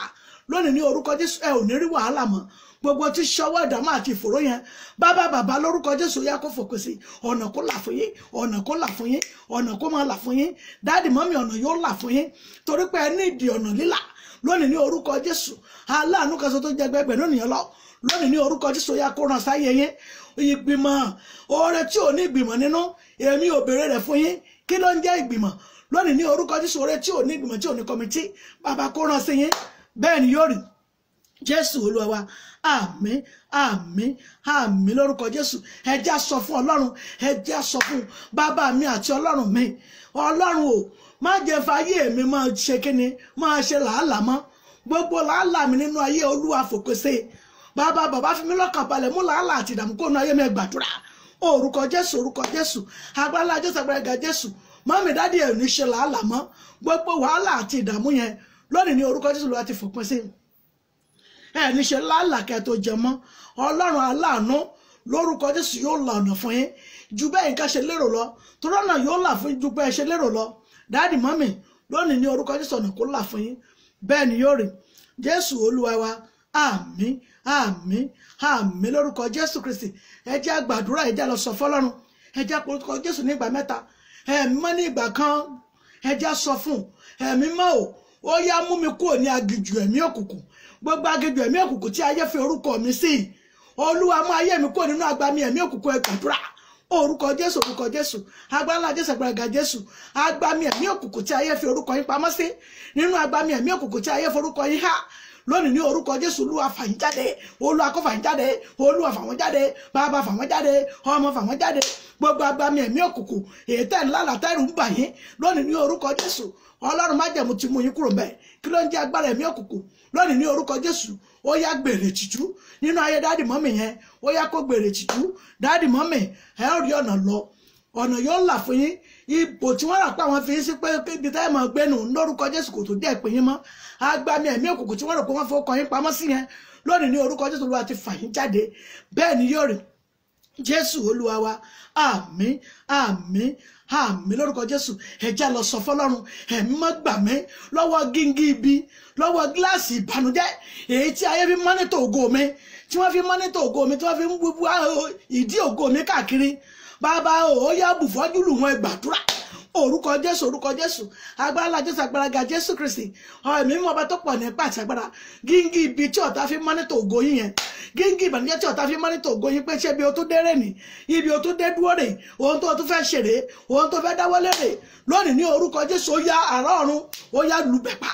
lónìí ní orúkọ jésù ẹ ò ní rí wàhálà mọ́ gbogbo tí ṣọwọ́ ìdààmú àti ìfòró yẹn bàbá bàbá lórúkọ jésù yá kó fòpin sí ọ̀nà kó là fún yín ọ̀nà kó là fún yín ọ̀nà kó máa là fún yín dáàdì mọ́mí ọ̀nà yóò là fún yín torí pé ẹ ní ìdí ọ̀nà lílà lónìí ní orúkọ jésù aláàánú kan sọ tó jẹ gbẹgbẹ lónìí yẹn lọ lónìí ní orúkọ jésù yá kó ràn sáyé yín ìgbìmọ̀ oore tí ò ní ìgbìmọ̀ nínú èmi ò béèrè rẹ̀ fún yín kí ló ń jẹ́ ìgbìmọ̀ lónìí ní orúkọ jésù oore tí ò ní ìgbìmọ̀ tí ò ní kọ́mítì bàbá kó ràn sí yín bẹ́ẹ̀ ni yóò rí jésù olúwa àmín àmín àmín lórúkọ jésù ẹ jẹ́ á sọ fún ọlọ́run ẹ jẹ́ á sọ fún bàbá mi àti ọlọ́run mi ọlọ́run o má jẹ́ fàyè mi máa ṣe kíni máa ṣe làálàá mọ́ gbogbo làálàá mi nínú ayé olúwa fòkèsè bàbá bàbá fi mí lọ́kàn balẹ̀ mú làálàá àti ìdààmú kó nu ayé mi gbàdúrà orúkọ jésù orúkọ jésù agbára jésù agbára ga jésù mọ́mí dádì ẹ̀ ò ní ṣe làálàá mọ́ gbogbo wàhálà àti ìdààmú yẹn lónìí ní orúkọ jésù ló wá ti fòpin sí i ẹ níṣẹ́ lálàkẹ́ tó jẹ mọ́ ọlọ́run aláàánú lórúkọ jésù yóò là ọ̀nà fún yín ju bẹ́ẹ̀ nǹkan ṣe lérò lọ torí ọ̀nà yóò là fún ju bẹ́ẹ̀ ṣe lérò lọ dáàdì mọ́mì lónìí ní orúkọ jésù ọ̀nà kó là fún yín bẹ́ẹ̀ ni yóò rí jésù olúwa wa àmín àmín àmín lórúkọ jésù kristi ẹ jẹ́ a gbàdúrà ẹ jẹ́ lọ sọ fọlọ́run ẹ jẹ́ orúkọ jésù ní ìgbà mẹ́ta ẹ̀mí mọ́ ní ìgbà kan ẹ jẹ́ sọ fún ẹ̀mí mọ́ ò ó yá mú mi kúrò ní aginjù ẹ̀mí òkùnkùn gbogbo aginjù ẹ̀mí òkùnkùn tí ayé fi orúkọ mi sí olúwa mú ayé mi kó nínú agbami ẹ̀mí òkùnkùn ẹ̀kàdúrà orúkọ jésù orúkọ jésù agbára jésù àgbàràgà jésù agbami ẹ̀mí òkùnkùn tí ayé fi orúkọ yín pamọ́ sí nínú agbami ẹ̀mí òkùnkùn tí ayé fi orúkọ yín há lónìí ní orúkọ jésù olúwa fàyín jáde olúwa kó fàyín jáde olúwa fàwọn jáde bàbá fàwọn jáde ọmọ fàwọn jáde gbogbo agbami ẹ̀mí òkùnkùn èyí tẹ̀ ńlá làtẹ́rù ń bà yín lónìí ní orúkọ jésù ọlọ́run májẹ̀mú ti mú yín kúrò mẹ́ kí ló ń jẹ́ agbára ẹ̀mí òkùnkùn lónìí ní orúkọ jésù ó yá gbèrè tìtú nínú ayé dáàdì mọ́mì yẹn ó yá kó gbèrè tìtú dáàdì mọ́mì ẹ ó rí ọ̀nà lọ ọ̀nà yóò là fún yín ipò tí wọ́n rà pé àwọn fi yín sí pé ibi táyà máa gbẹ́nu lórúkọ jésù kò tó dé ìpè yín mọ́ agbami ẹ̀mí òkùnkùn tí wọ́n rò pé wọ́n fowó kọ yín pamọ́ sí yẹn lónìí ní orúkọ jésù olúwa ti fà yín jáde bẹ́ẹ̀ ni yóò rí jésù olúwa wa àmín àmín àmì lórúkọ jésù ẹjá lọ sọ fọ́lọ́run ẹ̀mí mọ́ gbà mí lọ́wọ́ gíngí ibi lọ́wọ́ gíláàsì ìbànújẹ́ èyí tí ayé fi mọ́nítọ̀ ògo mi tí wọ́n fi mọ́nítọ̀ ògo mi tí wọ́n fi ń wíwá ìdí ògo mi káàkiri bàbá ó yá bùfọ́jú lù wọ́n gbàdúrà orúkọ jésù orúkọ jésù agbára ńlá jésù agbára ga jésù kristi ọ̀rọ̀ mi mú ọba tó pọ̀ nípa àti agbára gíngí ibi tí ọ̀tá fi mọ́nítò ògo yín yẹn gíngí ìbànújẹ́ tí ọ̀tá fi mọ́nítò ògo yín pé ṣé ibi o tún dé rèé ni ibi o tún dé dúró rèé ohun tó o tún fẹ́ ṣe rèé ohun tó fẹ́ dáwọ́lé rèé lónìí ní orúkọ jésù ó yá àárọ̀ ọ̀run ó yá lùbẹ̀pà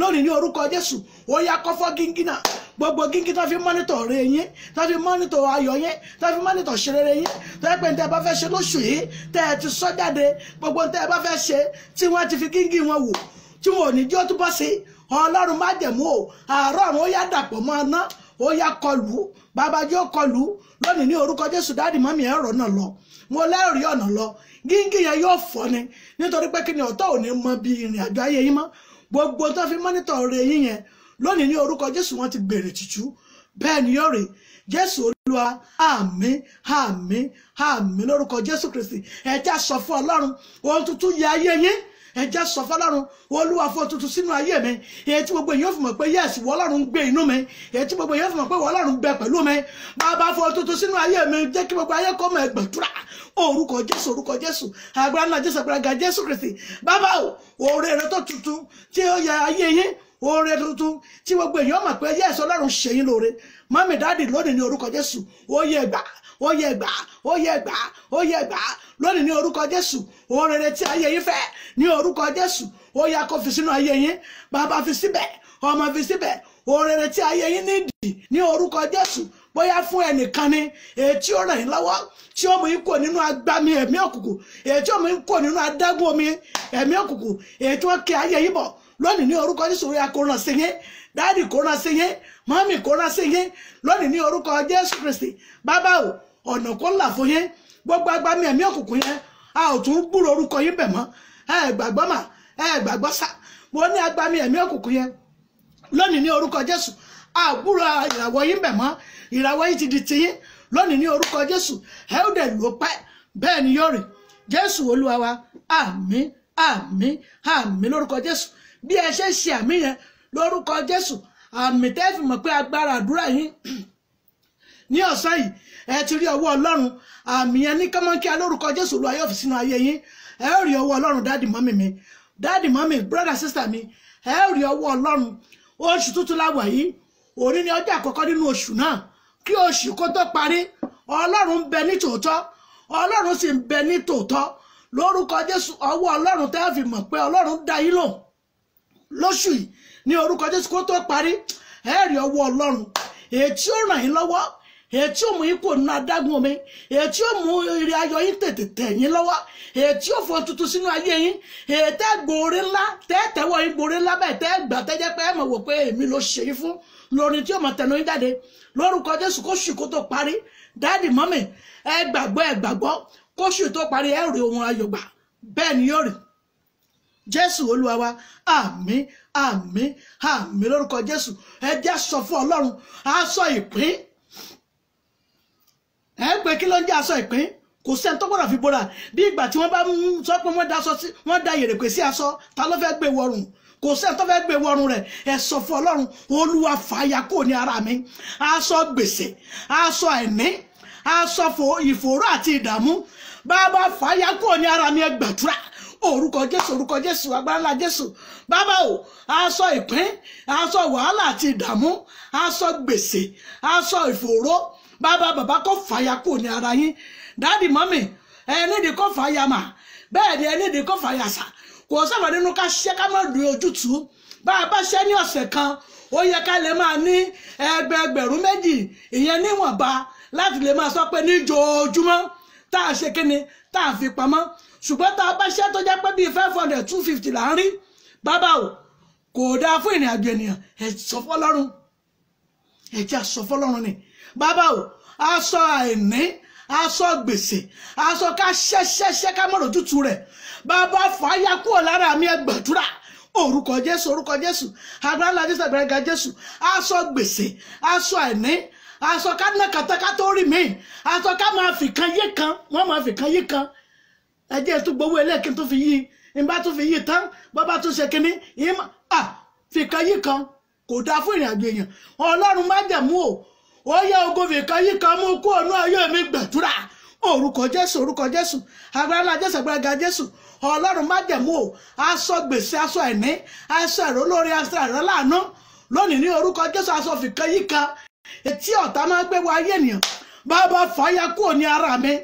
lónìí ní orúkọ jésù ó yá kọ́fọ́ gíngí náà gbogbo gíngí tó fi mọ́nítọ̀ rẹ yín tó fi mọ́nítọ̀ ayọ̀ yín tó fi mọ́nítọ̀ ṣerere yín tó yẹ pé tẹ́ ẹ bá fẹ́ ṣe lóṣù yìí tẹ́ ẹ ti sọ jáde gbogbo tẹ́ ẹ bá fẹ́ ṣe tí wọ́n ti fi gíngí wọn wò tí wọn ò ní jó túbọ̀ sí ọlọ́run má jẹ̀mú o àárọ̀ ọ̀run ó yá dàpọ̀ mọ́ ọ̀nà ó yá kọlù babajọ́ kọlù lónìí ní orúkọ jésù dáàdì mọ́mí ẹ̀rọ náà lọ mo lẹ́rìí ọ̀nà lọ gíngì yẹn yóò fọ́ ni nítorí pé kí ni ọ̀tọ̀ ò ní mọ bí ìrìn àjò ayé yín mọ́ gbogbo tó fi mọ́nítọ̀ rẹ̀ yín yẹn lónìí ní orúkọ jésù wọn ti gbèrè tìtú bẹ́ẹ̀ ni yóò rè jésù olúwa àmín àmín àmín lórúkọ jésù kristi ẹ jẹ́ á sọ fún ọlọ́run ohun tuntun yẹ ayé yín ẹ jẹ́ sọ fọlọ́run olúwa fún tuntun sínú ayé mi èyí tí gbogbo èèyàn fi mọ̀ pé yẹ́sì wọ́ ọlọ́run gbé inú mi èyí tí gbogbo èèyàn fi mọ̀ pé wọ́ ọlọ́run bẹ pẹ̀lú mi bàbá fún tuntun sínú ayé mi jẹ́ kí gbogbo ayé kọ́ mọ̀ ẹgbẹ̀tura orúkọ jésù orúkọ jésù agbára náà jésù agbára ga jésù kristi bàbá o òòrè rẹ tó tuntun tí ó yẹ ayé yín oore tuntun tí gbogbo èèyàn mọ̀ pé yẹ́sọ ọlọ́run ṣe yín lóore mọ́mí dáàdì lónìí ní orúkọ jésù ó yẹ gbà ó yẹ gbà ó yẹ gbà ó yẹ gbà lónìí ní orúkọ jésù oore tí ayé yín fẹ́ ní orúkọ jésù ó yá kó fi sínú ayé yín bàbá fi síbẹ̀ ọmọ fi síbẹ̀ oore tí ayé yín nídìí ní orúkọ jésù bóyá fún ẹnìkan ni ètí ó ràn yín lọ́wọ́ tí ó mú yín kò nínú agbami ẹ̀mí òkùnkùn ètí ó mú yín kò nínú adágún omi ẹ̀mí òkùnkùn ètí wọn kí ayé yín bọ̀ lónìí ní orúkọ Jésù rí akóran sí yín dáàdì kóran sí yín mọ́mì kóran sí yín lónìí ní orúkọ Jésù Kristi bàbá o ọ̀nà kó là fún yín gbogbo agbami ẹ̀mí òkùnkùn yẹn a ò tún gbúrò orúkọ yín bẹ̀ mọ́ ẹ gbàgbọ́ mà ẹ gbàgbọ́ sà mo ní agbami ẹ̀mí òkùnkùn yẹn lónìí ní orúkọ Jésù a ò gbúrò ìràwọ̀ yín bẹ̀ mọ́ ìràwọ̀ yín ti di tiyín lónìí ní orúkọ Jésù ẹ ó dẹ̀ lò pẹ́ bẹ́ẹ̀ ni yóò rìn Jésù Olúwa wa àmín àmín àmín lórúkọ Jésù bí ẹ ṣe ṣe àmì yẹn lórúkọ jésù àmì tẹ́ mọ̀ pé agbára àdúrà yín ní ọ̀sán yìí ẹ ti rí ọwọ́ ọlọ́run àmì yẹn ní kọ́mọ́kíá lórúkọ jésù lu ayé òfin náà ayé yín ẹ ó rí ọwọ́ ọlọ́run dáàdì mọ́mì mi dáàdì mọ́mì brọ́dà sísà mi ẹ ó rí ọwọ́ ọlọ́run oṣù tuntun la yìí òní ni ọjọ́ àkọ́kọ́ nínú oṣù náà kí oṣù kó tó parí ọlọ́run bẹ ní tòótọ́ ọlọ́run sì bẹ ní tòótọ́ lórúkọ jésù ọwọ́ ọlọ́run tẹ́ fi mọ̀ pé ọlọ́run dá yín lò lóṣù yìí ní orúkọ jésù kó tó parí ẹ̀rí ọwọ́ ọlọ́run èyí tí ó ràn yín lọ́wọ́ èyí tí ó mú yín kò nínú adágún omi èyí tí ó mú eré ayọ̀ yín tètè tẹ̀ yín lọ́wọ́ èyí tí ó fọ tuntun sínú ayé yín èyí tẹ́ gbòòrè ńlá tẹ́ tẹ́wọ́ yín gbòòrè ńlá bẹ́ẹ̀ tẹ́ gbà tẹ́jẹ́ pé ẹ mọ̀ wò pé èmi ló ṣe yín fún lórí tí ó mọ̀ tẹnu yín jáde lórúkọ jésù kóṣù kó tó parí dáàdì mọ́mì ẹ gbàgbọ́ ẹ gbàgbọ́ kóṣù tó parí ẹ rí ohun ayọ̀ bẹ́ẹ̀ ni yóò rí jésù olúwa wa àmín àmín àmín lórúkọ jésù ẹ jẹ́ sọ fún ọlọ́run aṣọ ìpín ẹ pé kí ló ń jẹ́ aṣọ ìpín kò sẹ́ni tó gbọ́dọ̀ fi bora bí ìgbà tí wọ́n bá ń sọ pé wọ́n da yèrèpè sí aṣọ ta ló fẹ́ gbé wọrùn kò sẹ́ni tó fẹ́ gbé wọrùn rẹ̀ ẹ sọ fún ọlọ́run olúwa fàáyà kò ní ara mi aṣọ gbèsè aṣọ àìní aṣọ ìfòòró àti ìdààmú bàbá fàáyà kò ní ara mi ẹ gbàdúrà orúkọ jésù orúkọ jésù agbára ńlá jésù bàbá o aṣọ ìpín aṣọ wàhálà àti ìdààmú aṣọ gbèsè aṣọ ìfòòró bàbá bàbá kò fàyà kù ní ara yín dáàdì mọ́mì ẹnìdí kò fàyà mà bẹ́ẹ̀ ni ẹnìdí kò fàyà sà kò sábà nínú ká ṣe ká má rí ojútùú bá a bá ṣe ní ọ̀sẹ̀ kan ó yẹ ká lè máa ní ẹgbẹẹgbẹ̀rún méjì ìyẹn níwọ̀nba láti lè máa sọ pé níjoojúmọ́ tá a ṣe kíni tá a fi pamọ́ ṣùgbọ́n tá a bá ṣẹ́ tó jẹ́ pé bíi five hundred two fifty là ń rí o kò dáa fún ìrìn àjò ènìyàn ẹ sọ fọ́lọ́run ẹ jẹ́ àsọ fọ́lọ́run ni bàbá o aṣọ àìní aṣọ gbèsè aṣọ ká ṣẹ́ṣẹ́ṣẹ́ ká mọ̀rọ̀ tútù rẹ̀ bàbá fàáyà kúrò lára mi ẹ gbàdúrà orúkọ jésù orúkọ jésù agbára jésù àgbàrẹ́gà jésù aṣọ gbèsè aṣọ àìní aṣọ ká nàkàtà ká tó rí mi aṣọ ká máa fi kan yé kan wọ́n máa fi kan yé kan ẹ jẹ́ tó gbowó ẹlẹ́ẹ̀kí tó fi yí ìbá tó fi yí tán bàbá tó ṣe kínní ìmọ̀ à fìkan yí kan kò dáa fún ìrìn àjò èèyàn ọlọ́run má jẹ̀mú o ó yẹ ogo fìkan yí kan mú kú ònú ayé mi gbàdúrà orúkọ jésù orúkọ jésù agbára jésù agbára jésù ọlọ́run má jẹ̀mú o aṣọ gbèsè aṣọ àìní aṣọ ẹ̀rọ lórí aṣọ ẹ̀rọ láàánú lónìí ní orúkọ jésù aṣọ fìkan yí kan etí ọ̀tá máa ń gbé wọ ayé ènìyàn bàbá fàáyà kúrò ní ara mi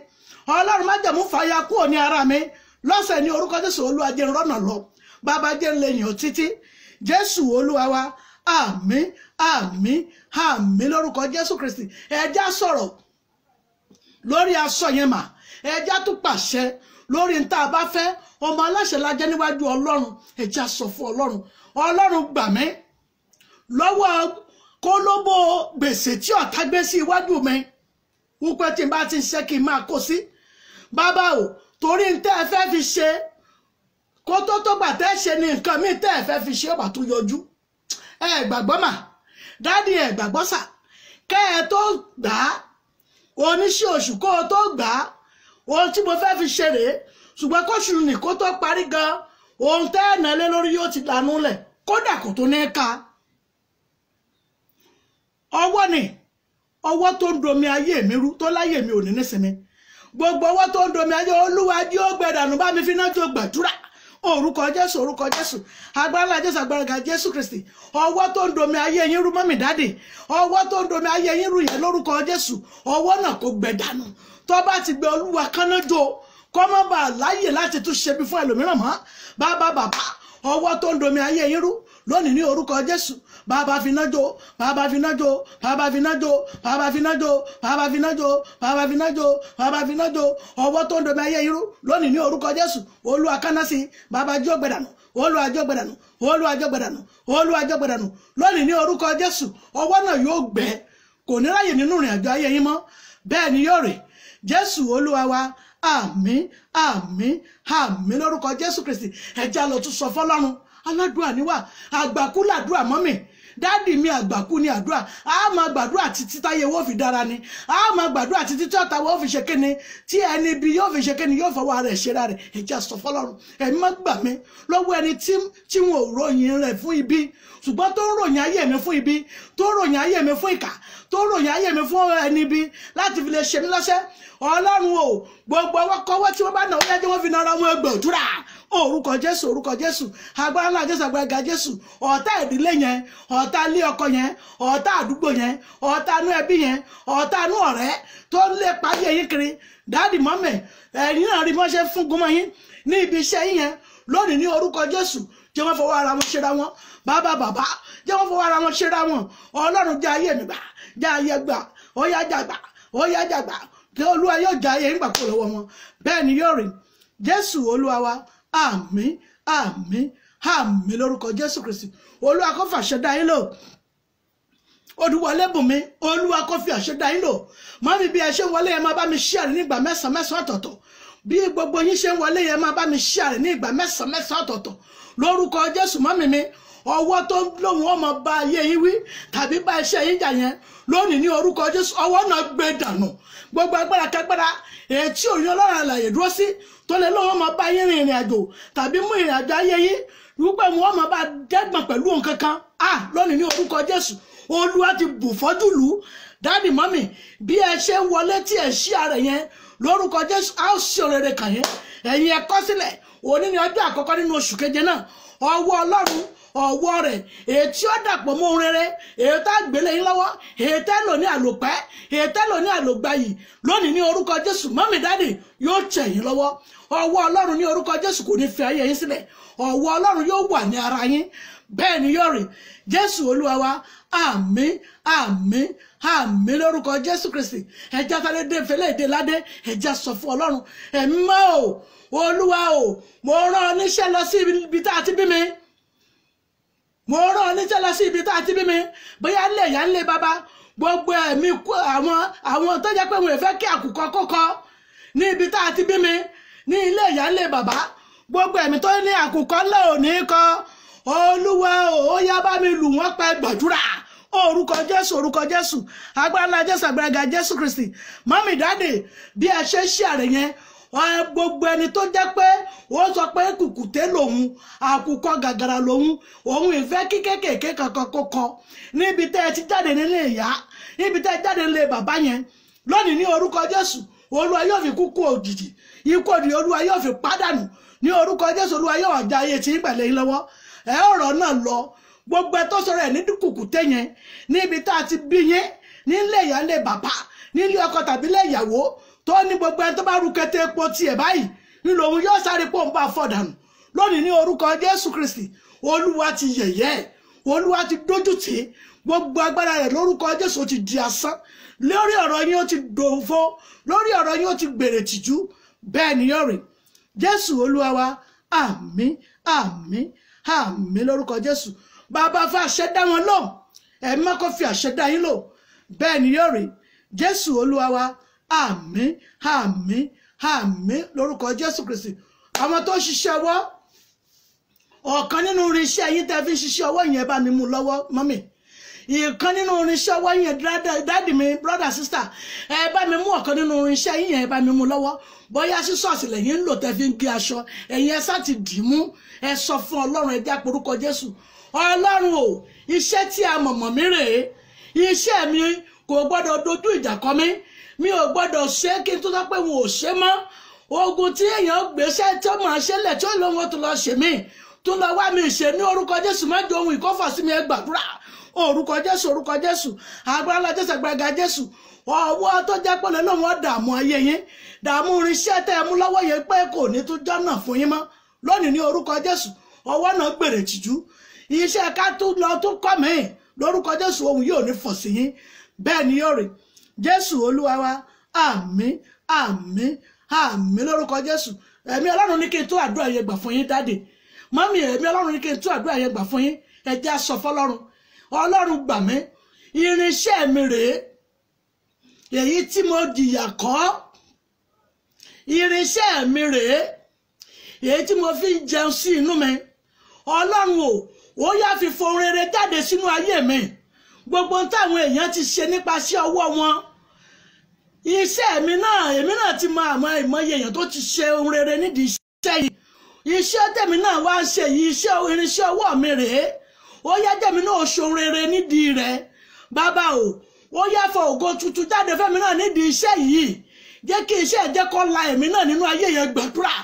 ọlọ́run má jẹ̀mú fàyà kúrò ní ara mi lọ́sẹ̀ ní orúkọ jésù olúwa jẹ́ rọ́nà lọ bàbá jẹ́ ń lẹ́yìn títí jésù olúwa wa àmín àmín àmín lórúkọ jésù kristi ẹja sọ̀rọ̀ lórí aṣọ yẹn mà ẹja tún pàṣẹ lórí ń tá a bá fẹ́ ọmọ aláṣẹ la jẹ́ níwájú ọlọ́run ẹja sọ fún ọlọ́run ọlọ́run gbà mí lọ́wọ́ kólóbó gbèsè tí ọ̀tá gbé sí iwájú mi wípé tí n bá ti ń ṣe kí n máa kó sí. Si bàbá o torí n tẹ́ ẹ fẹ́ fi ṣe kó tó tó gbà tẹ́ ṣe ni nǹkan míì tẹ́ ẹ fẹ́ fi ṣe ọ̀bà tó yọjú ẹ gbàgbọ́ mà dáàdi ẹ gbàgbọ́ sà kẹ́ ẹ tó gbà á oníṣẹ́ oṣù kó o tó gbà á ohun tí mo fẹ́ fi ṣe rèé ṣùgbọ́n kóṣù nì kó tó parí gan ohun tẹ́ ẹ̀ náà lé lórí yóò ti dànù lẹ̀ kódà kò tó ní ka ọwọ́ ni ọwọ́ tó ń domi ayé mi rú tó láyé mi ò ní nísinmi gbogbo ọwọ́ tó ń domi ayé olúwa jẹ́ ó gbẹ̀dànù bá mi fi náà tó gbàdúrà orúkọ jésù orúkọ jésù agbára jésù agbára jésù kristi ọwọ́ tó ń domi ayé yín rú mọ́mì dáde ọwọ́ tó ń domi ayé yín rú yẹn lórúkọ jésù ọwọ́ náà kò gbẹ̀dànù tó bá ti gbé olúwa kánná jò kó má bàa láàyè láti tún ṣe bí fún ẹlòmíràn mọ́ bàbá bàbá ọwọ́ tó ń domi ayé yín rú lónìí ní orúkọ jésù Baba finájò Baba finájò Baba finájò Baba finájò Baba finájò Baba finájò Baba finájò ọwọ́ tó ń dọ̀bẹ̀ ayé irú lónìí ní orúkọ jésù olúwa kánásì bàbá jó gbẹdànù olúwa jó gbẹdànù olúwa jó gbẹdànù olúwa jó gbẹdànù lónìí ní orúkọ jésù ọwọ́ náà yóò gbẹ kò ní ráyè nínú ìrìn àjò ayé yín mọ́ bẹ́ẹ̀ ni yóò rè jésù olúwa wa àmín àmín àmín lórúkọ jésù kristi ẹ̀já lọ tún sọ fọlọ́run aládùúà níwà àgbàkúlàdùà mọ́mì dáàdì mi àgbàkú ni àdúrà a máa gbàdúrà títí táyé wọ́n fi dára ni a máa gbàdúrà títí tí ọ̀tá wọ́n fi ṣe kíni tí ẹni bí yóò fi ṣe kíni yóò fọwọ́ rẹ̀ ṣera rẹ̀ ẹ̀jẹ̀ sọ fọlọ́run ẹ̀mí má gbà mí lọ́wọ́ ẹni tí wọn ò ròyìn rẹ̀ fún ibi ṣùgbọ́n tó ń ròyìn ayé mi fún ibi tó ń ròyìn ayé mi fún ìkà tó ń ròyìn ayé mi fún ẹni ibi láti fi lè ṣe mí lọ́ṣẹ́ ọlọ́run o gbogbo ọwọ́ kọ́wọ́ tí wọ́n bá nà ó yẹ kí wọ́n fi na ara wọn gbọ̀dúrà orúkọ jésù orúkọ jésù agbára ńlá jésù agbára ga jésù ọ̀tá ìdílé yẹn ọ̀tá ilé ọkọ yẹn ọ̀tá àdúgbò yẹn ọ̀tá inú ẹbí yẹn ọ̀tá inú ọ̀rẹ́ tó ń lé pàdé yín kiri dáàdì mọ́mẹ̀ ẹ̀yin náà rí mọ́ṣẹ́ fún gúnmọ́ yín ní ibi iṣẹ́ yín yẹn lónìí ní orúkọ jésù jẹ́ wọ́n fọwọ́ ara wọn ṣera wọn bàbá bàbá jẹ́ wọ́n fọwọ́ ara wọn ṣera wọn ọlọ́run jẹ́ ayé mi gbà jẹ́ ayé gbà ó yá jàgbà ó yá jàgbà kí olúwa yóò já ayé nígbà kó lọ́wọ́ wọn bẹ́ẹ̀ ni yóò rí jésù olúwa wa àmín àmín àmín lórúkọ jésù kristi olúwa kó fàṣẹ dá yín lò olúwọlé bùnmi olúwa kó fi àṣẹ dá yín lò mọ́mí bí ẹ ṣe ń wọlé ẹ máa bá mi ṣíà nígbà mẹ́sàn-án mẹ́sàn-án ọ̀tọ̀ọ̀tọ̀ bí gbogbo yín ṣe ń wọlé yẹn máa bá mi ṣíà ní ìgbà mẹ́sàn-án mẹ́sàn-án ọ̀tọ̀ọ̀tọ̀ lórúkọ jésù mọ́mí mi ọwọ́ tó ń lóun ọmọ bá ayé yín wí tàbí bá iṣẹ́ yín jà yẹn lónìí ní orúkọ jésù ọwọ́ náà gbé dànù gbogbo agbára kágbára èyí tí òyìn ọlọ́run àlàyé dúró sí tó lè lóun ọmọ bá yín rin ìrìn àjò tàbí mú ìrìn àjò ayé yín wípé wọn ọmọ bá dẹ́gbọ̀n pẹ̀lú òun kankan ah lónìí ní orúkọ jésù olúwa ti bù fọ́jú lù dáàdì mọ́mì bí ẹ ṣe wọlé tí ẹ ṣí ara yẹn lórúkọ jésù á sì òrèrè kàn yẹn ẹ̀yin ẹ kọ̀ sílẹ̀ òní ni ọjọ́ àkọ́kọ́ nínú oṣù keje náà ọwọ́ ọlọ́run ọwọ́ rẹ̀ èyí tí ó dàpọ̀ mọ́ ohun rere èyí tá gbélé yín lọ́wọ́ èyí tẹ́ lò ní àlòpẹ́ èyí tẹ́ lò ní àlògbàyì lónìí ní orúkọ jésù mọ́mí dáàdì yóò tẹ̀ yín lọ́wọ́ ọwọ́ ọlọ́run ní orúkọ jésù kò ní fi ayé yín sílẹ̀ ọwọ́ ọlọ́run yóò wà ní àmì lórúkọ jésù kristi ẹjá sáré dé fẹlẹ èdè ládé ẹjá sọ fún ọlọ́run ẹ̀mí mọ́ o olúwa o mo rán ọ níṣẹ́ lọ sí ibi tá a ti bí mi mo rán ọ níṣẹ́ lọ sí ibi tá a ti bí mi bóyá lè yá lè bàbá gbogbo ẹ̀mí àwọn àwọn tó jẹ́ pé wọn ò fẹ́ kí àkùkọ kókọ ní ibi tá a ti bí mi ní ilé ìyá lè bàbá gbogbo ẹ̀mí tó ní àkùkọ lè ò ní kọ olúwa o ó yá bá mi lù wọ́n pẹ́ gbàdúrà. orúkọ jésù orúkọ jésù agbára ńlá jésù agbára ga jésù kristi mọ́mí dáde bí a ṣe ṣe àrè yẹn gbogbo ẹni tó jẹ́ pé ó sọ pé kùkùté lòun àkùkọ gàgàrà lòun òun ìfẹ́ kí kéékèèké kankan kó kọ níbi tẹ́ ẹ ti jáde nílé ìyá níbi tẹ́ ẹ jáde nílé bàbá yẹn lónìí ní orúkọ jésù olúwa yóò fi kú kú òjijì ikú òdì olúwa yóò fi pádànù ní orúkọ jésù olúwa yóò ọjà ayé tí ń pẹ̀lẹ́ yín lọ́wọ́ ẹ ọ̀rọ̀ náà lọ gbogbo ẹ tó sọ̀rọ̀ ẹ̀ ní kùkùté yẹn níbi tá a ti bí yẹn nílé ìyá nílé bàbá nílé ọkọ tàbí ilé ìyàwó tó ní gbogbo ẹ tó bá rúkété epo tiẹ̀ báyìí nílò òun yóò sáré pò ń bá fọ̀dànù lónìí ní orúkọ Jésù Kristi olúwa ti yẹ̀yẹ́ olúwa ti dójú tì í gbogbo agbára rẹ̀ lórúkọ Jésù ti di asán lórí ọ̀rọ̀ yín ó ti dòfo lórí ọ̀rọ̀ yín ó ti gbèrè tìjú bẹ́ẹ̀ ni yóò rìn Jésù olúwa wa àmín àmín àmín lórúkọ Jésù bàbá fa àṣẹ dá wọn lò ẹ̀mí mọ́ kó fi àṣẹ dá yín lò bẹ́ẹ̀ ni yóò rí jésù olúwa wa àmín àmín àmín lórúkọ jésù kristi àwọn tó ṣiṣẹ́ ọwọ́ ọ̀kan nínú irinṣẹ́ yín tẹ́ fi ń ṣiṣẹ́ ọwọ́ yẹn bá mi mú lọ́wọ́ mọ́mì ìkan nínú irinṣẹ́ ọwọ́ yẹn dáàdì mi brọ́dà sísà ẹ bá mi mú ọ̀kan nínú irinṣẹ́ yẹn bá mi mú lọ́wọ́ bóyá sísọ́ọ̀sì lẹ́yìn ń lò tẹ́ fi ń gé aṣọ ẹ̀yin ẹ sá ti dì í mú ẹ sọ fún ọlọ́run ẹ jẹ́ àporúkọ jésù ọlọ́run o iṣẹ́ tí a mọ̀mọ́ mi rèé iṣẹ́ mi kò gbọ́dọ̀ dojú ìjà kọ mi mi ò gbọ́dọ̀ ṣe kí n tó sọ pé wò ó ṣe mọ́ ogun tí èèyàn gbéṣẹ́ tí ó máa ṣe lẹ̀ tí ó lóun ó tún lọ ṣe mí tún lọ wá mi ṣe ní orúkọ jésù má jẹ ohun ìkọ́fà sí mi gbàdúrà orúkọ jésù orúkọ jésù agbára jésù agbára jésù ọwọ́ tó jẹ́ pé lọ́wọ́ dààmú ayé yín dààmú irinṣẹ́ tẹ́ ẹ mú lọ́wọ́ yẹn pé kò ní tún jọ́nà fún yín mọ́ lónìí ní orúkọ jésù ọwọ́ náà gbèrè tìjú iṣẹ́ ká tún lọ tún kọ́ mi lórúkọ jésù ohun yóò ní fọ̀ sí yín bẹ́ẹ̀ ni yóò rí jésù olúwa wa àmín àmín àmín lórúkọ jésù ẹ̀mí ọlọ́run ní kí n tún àdúrà yẹn gbà fún yín dáde mọ́mí ẹ̀mí ọlọ́run ní kí n tún àdúrà yẹn gbà fún yín ẹ jẹ́ á sọ fọlọ́run ọlọ́run gbà mí irinṣẹ́ mi rèé èyí tí mo jìyà kọ́ irinṣẹ́ mi rèé èyí tí mo fi jẹun sí inú mi ọlọ́run o ó yá fi fohùn rere jáde sínú ayé mi gbogbo táwọn èèyàn ti ṣe nípasẹ̀ ọwọ́ wọn iṣẹ́ mi náà èmi náà ti mọ àmọ́ ìmọ̀ye èèyàn tó ti ṣe ohun rere nídìí iṣẹ́ yìí iṣẹ́ tèmi náà wá ń ṣe yìí iṣẹ́ irinṣẹ́ ọwọ́ mi rèé ó yá tèmi náà ó ṣohun rere nídìí rẹ̀ bàbá o ó yá fọ ògo tuntun jáde fẹ́mi náà nídìí iṣẹ́ yìí jẹ́ kí iṣẹ́ jẹ́ kó la èmi náà nínú ayé yẹn gbàdúrà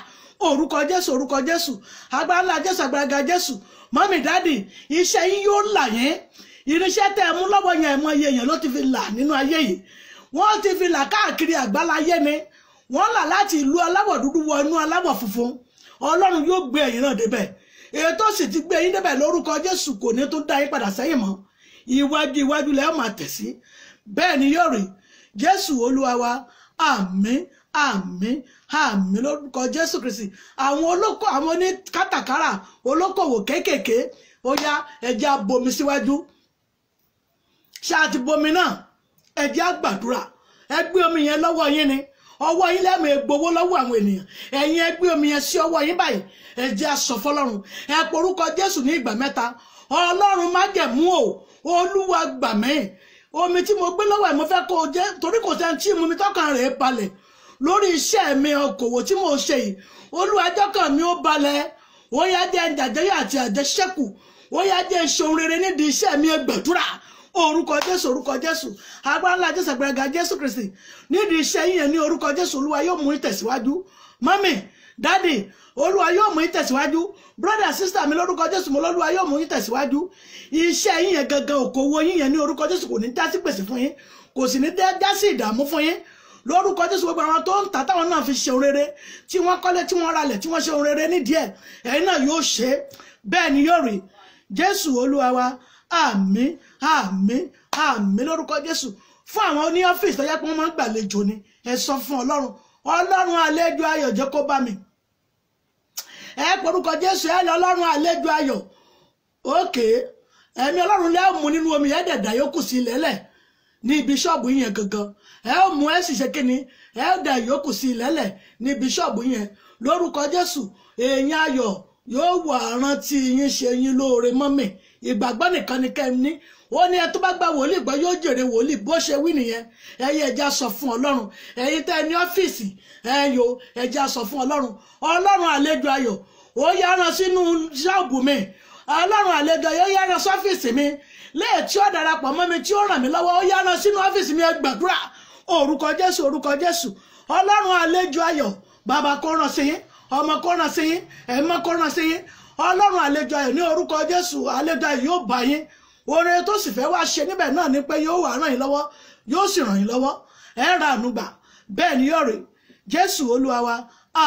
orúkọ jésù orúkọ jésù agbára ńlá jésù agbára ga jésù mọ́mí dáàdì iṣẹ́ yín yóò là yín irinṣẹ́ tẹ́ ẹ mú lọ́wọ́ yẹn ẹ̀mọ iye yẹn ló ti fi là nínú ayé yìí wọ́n ti fi là káàkiri àgbáláyé ni wọ́n là láti ìlú aláwọ̀ dúdú wọ inú aláwọ̀ funfun ọlọ́run yóò gbé ẹ̀yin náà débẹ̀ èyí tó sì ti gbé yín débẹ̀ lórúkọ jésù kò ní tó dá yín padà sẹ́yìn mọ́ iwájú iwájú lẹ́yìn máa tẹ̀sí bẹ́ẹ̀ ni yóò rí jésù olúwa wa àmín àmín àmì lórúkọ jésù kristi àwọn olóko àwọn ní kátàkárà olókòwò kéékèèké ó yá ẹjẹ́ abomi síwájú ṣé a ti bomi náà ẹjẹ́ àgbàdúrà ẹgbẹ́ omi yẹn lọ́wọ́ yín ni ọwọ́ yín lẹ́mọ egbowó lọ́wọ́ àwọn ènìyàn ẹ̀yin ẹgbẹ́ omi yẹn sí ọwọ́ yín báyìí ẹjẹ́ aṣọ fọlọ́run ẹ porúkọ jésù ní ìgbà mẹ́ta ọlọ́run má jẹ̀mú o olúwa gbà mí omi tí mo gbé lọ́wọ́ ẹ̀ mo fẹ́ kó o jẹ́ torí kò sẹ́ni tí mo mi tọ́kàn rẹ̀ balẹ̀ lórí iṣẹ́ mi okòwò tí mo ṣe yìí olúwa mi ó balẹ̀ ó yá dé ẹ̀dàjẹ́yà àti àjẹṣẹ́kù ó yá dé ṣeun rere nídìí iṣẹ́ mi gbàdúrà orúkọ jésù orúkọ jésù agbára ńlá jésù àgbàràga jésù kristi nídìí iṣẹ́ yìnyẹn ní orúkọ jésù olúwa yóò mú ìtẹ̀síwájú mami dadi olúwa yóò mú ìtẹ̀síwájú brother sister mi lórúkọ jésù mo lọ́lúwa yóò mú ìtẹ̀síwájú iṣẹ́ yìnyẹn gangan òkòwò yìnyẹn ní orúkọ jésù kò ní dá sí gbèsè fún yín kò sì ní dá sí ìdààmú fún yín lórúkọ jésù gbogbo àwọn tó ń tà táwọn náà fi ṣe òrere tí wọ́n kọ́lé tí wọ́n ralẹ̀ tí wọ́n ṣe òrere nídìí ẹ̀ ẹ̀yin náà yóò ṣe bẹ́ẹ̀ ni yóò rí jésù olúwa wa àmín àmín àmín lórúkọ jésù fún àwọn oní ọ́fíìsì tó yẹ pé wọ́n máa ń gbàlejò ni ẹ sọ fún ọlọ́run ọlọ́run àlejò ayọ̀ jẹ́ kó bá mi ẹ porúkọ jésù ẹ lọ ọlọ́run àlejò ayọ̀ òkè ẹ̀mí ọlọ́run lẹ́ẹ̀mú nínú omi ẹ̀ẹ́dẹ̀dà yókù sí ilẹ̀ẹ́lẹ̀ẹ́ Ni ibi ṣọ́ọ̀bù yẹn gangan ẹ ó mú ẹ sì ṣe kíni da yoku sí ilẹ̀lẹ̀ ní ibi ṣọ́ọ̀bù yẹn lórúkọ jésù èèyàn ayọ̀ yóò wà rántí yín ṣe yín lóore mọ́mì ìgbàgbọ́ nìkan ni kẹ́mi ní ó ní ẹ tó bá gba wòlíì gbọ́ yóò jèrè wòlíì bó ṣe wí nìyẹn ẹyẹ ẹja sọ fún ọlọ́run ẹ̀yin tẹ́ ẹ ní ọ́fíìsì ẹyọ ẹja sọ fún ọlọ́run ọlọ́run àlejò ayọ̀ ó yára sínú ṣọ́ọ̀bù mi ọlọ́run àlejò ayọ̀ ó yára sọ́fíìsì mi lẹ́yìn tí ó darapọ̀ mọ́ mi tí ó ràn mí lọ́wọ́ ó yára sínú ọ́fíìsì mi ẹ gbàdúrà orúkọ jésù orúkọ jésù ọlọ́run àlejò ayọ̀ bàbá kó ràn sí yín ọmọ kó ràn sí yín ẹ̀mọ́ kó ràn sí yín ọlọ́run àlejò ayọ̀ ní orúkọ jésù àlejò ayọ̀ yóò bá yín oore tó sì fẹ́ wá ṣe níbẹ̀ náà ni pé yóò wá ràn yín lọ́wọ́ yóò sì ràn yín lọ́wọ́ ẹ ra ànúgbà bẹ́ẹ̀ ni yóò rè jésù olúwa wa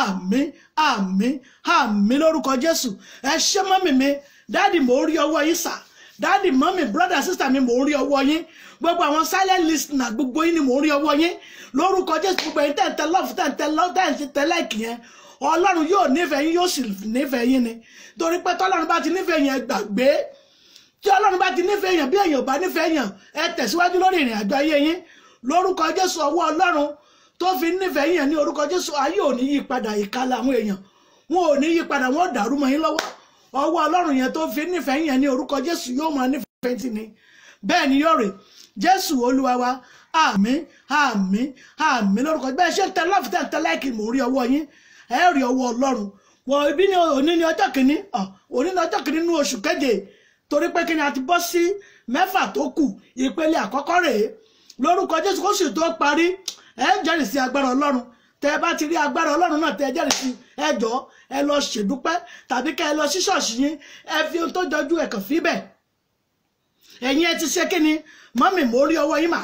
àmín àmín àmín lórúkọ jésù ẹ ṣé mọ́mì mi dáàdì mò ń rí ọwọ́ yín sà dáàdì mọ́mì brọ́dà sísà mi mò ń rí ọwọ́ yín gbogbo àwọn silent listener gbogbo yín ni mò ń rí ọwọ́ yín lórúkọ jésù gbogbo yín tẹ̀ǹtẹ̀ lọ́ọ̀fù tẹ̀ǹtẹ̀ lọ́ọ̀fù tẹ̀ǹtẹ̀ láìkì yẹn ọlọ́run yóò nífẹ̀ẹ́ yín yóò sì nífẹ̀ẹ́ yín ni torí pé tọ́lọ́run bá ti nífẹ̀ẹ́ yẹn gbàgbé tí ọlọ́run bá ti nífẹ̀ẹ́ yẹn bí èèyàn ò bá nífẹ̀ẹ́ yẹn ẹ tẹ̀síwájú lórí ìrìn àjò ayé yín lórúkọ jésù ọwọ́ ọlọ́run tó fi nífẹ̀ẹ́ yẹn ní orúkọ jésù ayé ò ní yí padà ìkàlà àwọn èèyàn wọn ò ní yí padà wọn ò dàrú mọ́ yín lọ́wọ́ ọwọ́ ọlọ́run yẹn tó fi nífẹ̀ẹ́ yẹn ní orúkọ jésù yóò máa nífẹ̀ẹ́ tì ní bẹ́ẹ̀ ni yóò rè jésù olúwa wa àmín àmín àmín lórúkọ bẹ́ẹ̀ ṣe ń tẹ lọ́ọ̀fù tẹ̀ ń tẹ láìkì mò ń rí ọwọ́ yín ẹ rí ọwọ́ ọlọ́run wọ ibi ni òní ni ọjọ́ kìíní òní ni ọjọ́ kìíní nínú oṣù keje torí pé kí ni a ti bọ́ sí mẹ́fà tó kù ìpele àkọ́kọ́ rèé lórúkọ jésù kó sì tó parí ẹ jẹ́rìí sí agbára ọlọ́run tẹ bá ti rí agbára ọlọ́run náà tẹ jẹ́rìí sí ẹ jọ ẹ lọ ṣèdúpẹ́ tàbí ká ẹ lọ sí ṣọ́ọ̀ṣì yín ẹ fi ohun tó jọjú ẹ kàn fíbẹ̀ ẹ̀yin ẹ ti ṣe kí ni mọ́mì mo rí ọwọ́ yín mà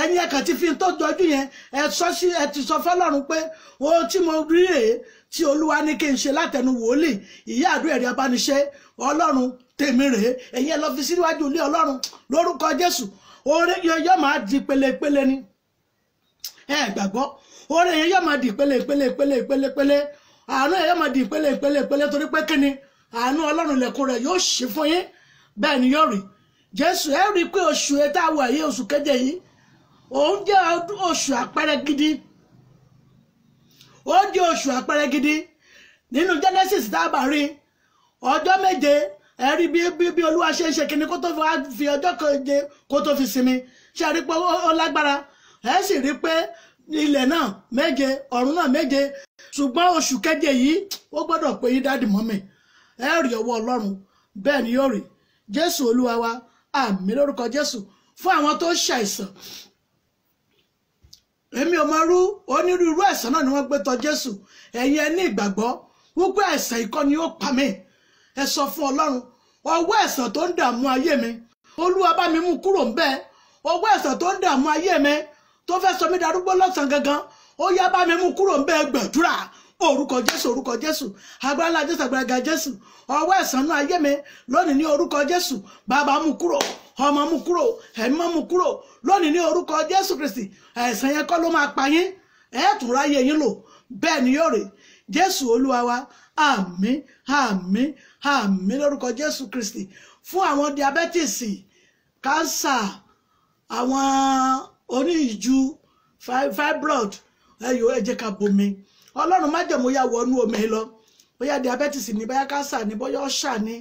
ẹ̀yin ẹ kàn ti fi ohun tó jọjú yẹn ẹ sọ sí ẹ ti sọ fọlọ́run pé ohun tí mo rí rèé tí olúwa ní kí n ṣe látẹnu wòlíì ìyá àdúrà ẹ̀rí abániṣe ọlọ́run tèmi rèé ẹ̀yin ẹ lọ fi síwájú ni ẹ gbàgbọ́ oore yẹn yóò máa di ìpele ìpele ìpele ìpele ìpele àánú yẹn yóò máa di ìpele ìpele ìpele torí pé kíni àánú ọlọ́run lẹ̀kùn rẹ̀ yóò ṣí fún yín bẹ́ẹ̀ ni yóò rí jésù ẹ rí i pé oṣù etí àwọ̀ yìí oṣù keje yìí òun jẹ́ oṣù àpẹẹrẹ gidi ó jẹ́ oṣù àpẹẹrẹ gidi nínú genesis tá a bá rí ọjọ́ méje ẹ rí bí bí olúwa ṣe ń ṣe kíní kó tó fi ọjọ́ keje kó tó fi sinmi ṣe rí pé ó lágbára ẹ sì rí pé ilẹ̀ náà méje ọ̀run náà méje ṣùgbọ́n oṣù keje yìí ó gbọ́dọ̀ pé yí dáàdì mọ́mì ẹ rí ọwọ́ ọlọ́run bẹ́ẹ̀ ni yóò rí jésù olúwa wa àmì lórúkọ jésù fún àwọn tó ṣàìsàn èmi ò mọ rú onírúurú ẹ̀sán náà ni wọ́n gbé tọ jésù ẹ̀yin ẹ ìgbàgbọ́ wípé ẹ̀sán ikọ́ ni ó pa mí ẹ sọ fún ọlọ́run ọwọ́ tó tó fẹ́ sọ mí darúgbó lọ́sàn gangan ó yá bá mi mú kúrò ń bẹ́ẹ̀ gbàdúrà orúkọ jésù orúkọ jésù agbára jésù agbára jésù ọwọ́ ẹ̀sánú ayé mi lónìí ní orúkọ jésù bàbá mú kúrò ọmọ mú kúrò ẹ̀mí mú kúrò lónìí ní orúkọ jésù kristi àìsàn yẹn kọ́ ló máa pa yín ẹ̀ẹ́dùn ráyè yín lò bẹ́ẹ̀ ni yóò rè jésù olúwa wa àmín àmín àmín lórúkọ jésù kristi fún àwọn diabetes, kánsà àwọn oní ìju fibroid ẹyọ ẹ jẹ́ ká bomi ọlọ́run májẹ̀mú yà wọnú omi lọ bóyá diabetes ni bóyá cancer ni bóyá ọ̀ṣà ni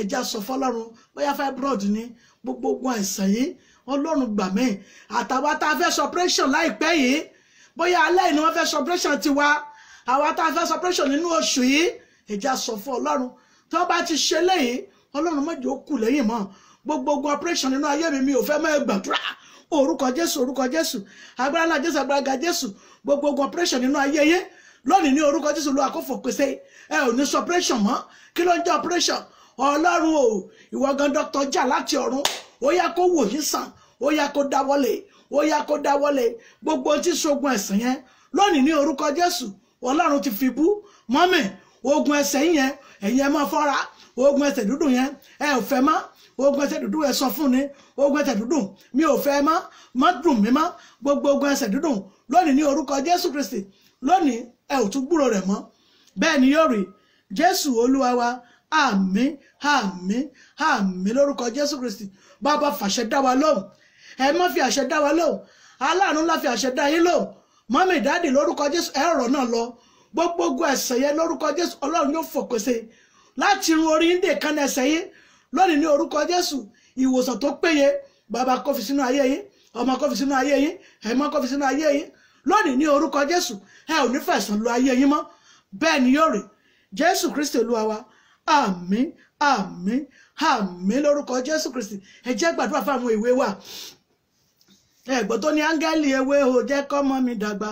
ẹja sọ fọlọ́run bóyá fibroid ni gbogbo ogun àìsàn yìí ọlọ́run gbà mí àtàwa tá a fẹ́ sọ operation láìpẹ́ yìí bóyá alẹ́ ni wọ́n fẹ́ sọ operation tiwa àwa tá a fẹ́ sọ operation nínú oṣù yìí ẹja sọ fún ọlọ́run tí wọ́n bá ti ṣe léyìí ọlọ́run mọ̀jọ́ kù lẹ́yìn mọ́ gbogbo ogun operation nínú ayé mi mi ò fẹ́ mọ́ ẹ orúkọ jésù orúkọ jésù agbára ńlá jésù agbára ga jésù gbogbo ogun operation nínú ayé yé lónìí ní orúkọ jésù ló àkófò pèsè ẹ ò ní sọ operation mọ́ kí ló ń jẹ́ operation ọlọ́run o ìwọ gan dr jà láti ọ̀run ó yá kó wò yín sàn ó yá kó dáwọ́lé ó yá kó dáwọ́lé gbogbo tí ṣogun ẹ̀sìn yẹn lónìí ní orúkọ jésù ọlọ́run ti fi bú mọ́mì ogun ẹsẹ̀ yẹn ẹ̀yin ẹ máa fọ́ra ogun ẹsẹ̀ dúdú yẹn ẹ ò fẹ́ mọ́ ogun ẹsẹ̀ dúdú ẹ sọ fún ni ogun ẹsẹ̀ dúdú mi ò fẹ́ mọ́ má dùn mí mọ́ gbogbo ogun ẹsẹ̀ dúdú lónìí ní orúkọ jésù kristi lónìí ẹ ò tún gbúrò rẹ̀ mọ́ bẹ́ẹ̀ ni yóò rí jésù olúwa wa àmín àmín àmín lórúkọ jésù kristi bàbá fàṣẹ dá wa lóhùn ẹ má fi àṣẹ dá wa lóhùn aláàánú ńlá fi àṣẹ dá yín lóhùn mọ́mí dáàdì lórúkọ jésù ẹ rọ̀ náà lọ gbogbo ogun ẹ̀ṣẹ̀ yẹn lórúkọ jésù ọlọ́run yóò fòpèsè láti irun orí ń dè kan ẹ̀ṣẹ̀ yín lónìí ní orúkọ jésù ìwòsàn tó péye bàbá kó fi sínú ayé yín ọmọ kó fi sínú ayé yín ẹ̀mọ́ kó fi sínú ayé yín lónìí ní orúkọ jésù ẹ ò ní fẹ̀sán lu ayé yín mọ́ bẹ́ẹ̀ ni yóò rí jésù kristi olúwa wa àmín àmín àmín lórúkọ jésù kristi ẹ jẹ́ gbàdúrà fún àwọn ìwé wa ẹ̀gbọ́n tó ní áńgẹ́lì ewé o jẹ́ kọ́mọ mi dàgbà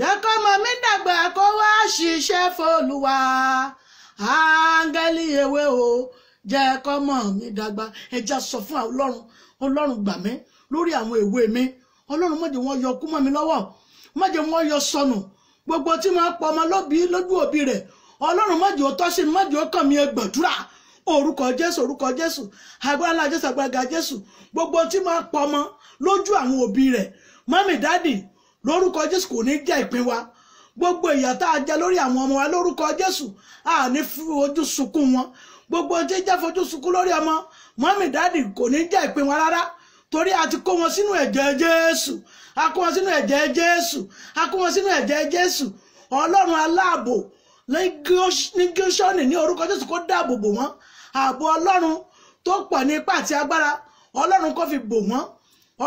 jẹ́ kọ́mọ mi dàgbà kó wá ṣiṣẹ́ fún olúwa ewé o jẹ́ kọ́mọ mi dàgbà ẹja sọ fún ọlọ́run ọlọ́run gbà mí lórí àwọn èwe mi ọlọ́run má jẹ́ wọ́n yọ kú mọ́ mi lọ́wọ́ má jẹ́ wọ́n yọ sọnù gbogbo tí máa pọ̀ ọmọ lóbi lójú òbí rẹ̀ ọlọ́run má jẹ́ ó tọ́ sí mi má jẹ́ ó kàn mí ẹ gbàdúrà orúkọ jésù orúkọ jésù agbára ńlá jésù agbára jésù gbogbo tí máa pọ̀ ọmọ lójú àwọn òbí rẹ̀ mọ́mì dáàdì lórúkọ jésù kò ní jẹ́ ìpín wa gbogbo ìyà tá lórí àwọn ọmọ wa lórúkọ jésù a ní sunkún wọn gbogbo tí ń jẹ́ fojú sunkún lórí ọmọ mọ́mì dáàdì kò ní jẹ́ ìpín wọn rárá torí a ti kó wọn sínú ẹ̀jẹ̀ jésù a kó wọn sínú ẹ̀jẹ̀ jésù a kó wọn sínú ẹ̀jẹ̀ jésù ọlọ́run aláàbò ní gíṣọ́nì ní orúkọ jésù kó dáàbò bò wọ́n ààbò ọlọ́run tó pọ̀ ní ipá àti agbára ọlọ́run kó fi bò wọ́n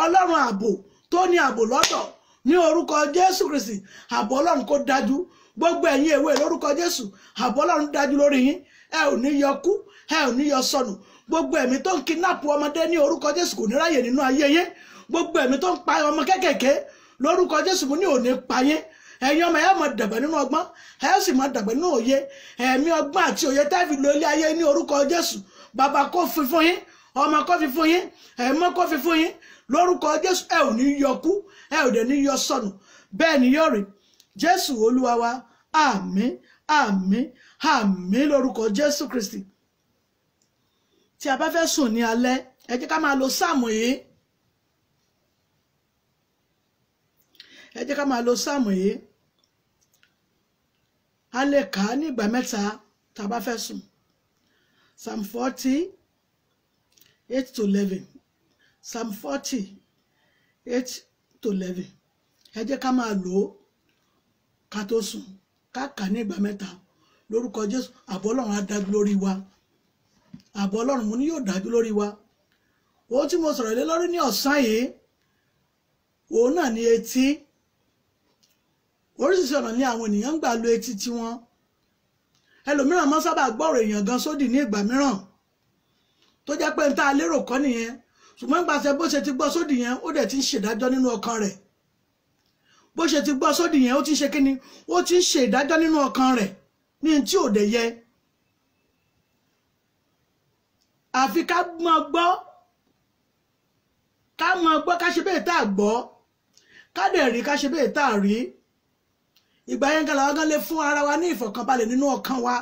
ọlọ́run ààbò tó ní ààbò lọ́dọ̀ ní orúkọ jésù kristi ààbò ọlọ́run kó dájú gbogbo ẹ̀yin èwe lórúkọ jésù ààbò ọlọ́run dájú lórí yín ẹ ò ní yọ kú ẹ ò ní yọ sọnù gbogbo ẹ̀mí tó ń kidnap ọmọdé ní orúkọ jésù kò ní ráyè nínú ayé yẹn gbogbo ẹ̀mí tó ń pa ọmọ kékèké lórúkọ jésù mo ní òní pa yẹn ẹ̀yin ọmọ ẹ máa dàgbà nínú ọgbọ́n ẹ sì máa dàgbà nínú òye ẹ̀mí ọgbọ́n àti òye tẹ́ẹ̀fì lo ilé ayé ní orúkọ jésù bàbá kó fi fún yín ọmọ kó fi fún yín ẹ̀mọ́ kó fi fún yín lórúkọ jésù ẹ ò ní yọ kú ẹ ò dẹ̀ ní yọ sọnù bẹ́ẹ̀ ni yóò rí jésù olúwa wa àmín àmín àmì lórúkọ jésù kristi tí a bá fẹ́ sùn ní alẹ́ ẹ jẹ́ ká máa lo sáàmù yìí ẹ jẹ́ ká máa lo sáàmù yìí a lè kà á ní ìgbà mẹ́ta tá a bá fẹ́ sùn psalm forty eight to eleven psalm forty eight to eleven ẹ jẹ́ ká máa lò ó ká tó sùn ká kà á ní ìgbà mẹ́ta lórúkọ jésù àbọ̀ ọlọ́run á dájú lórí wa àbọ̀ ọlọ́run mo ní yóò dájú lórí wa ohun tí mo sọ̀rọ̀ lé lórí ní ọ̀sán yìí òun náà ni etí oríṣiríṣi ọ̀nà ni àwọn ènìyàn ń gbà lo etí tiwọn ẹlòmíràn máa sábà gbọ́rọ̀ èèyàn gan sódì ní ìgbà mìíràn tó jẹ́ pé n tá a lérò kọ́ nìyẹn ṣùgbọ́n nípasẹ̀ bó ṣe ti gbọ́ sódì yẹn ó dẹ̀ ti ń ṣèdájọ́ nínú ọkàn rẹ̀ bó ṣe ti gbọ́ sódì yẹn ó ti ń ṣe kíni ó ti ń ṣèdájọ́ nínú ọkàn rẹ̀ ní tí ò dẹ̀ yẹ àfi ká mọ gbọ́ ká mọ gbọ́ ká ṣe bẹ́ẹ̀ tá a gbọ́ ká dẹ̀ rí ká ṣe bẹ́ẹ̀ tá a rí ìgbà yẹn gan làwọn gan lè fún ara wa ní ìfọ̀kànbalẹ̀ nínú ọkàn wa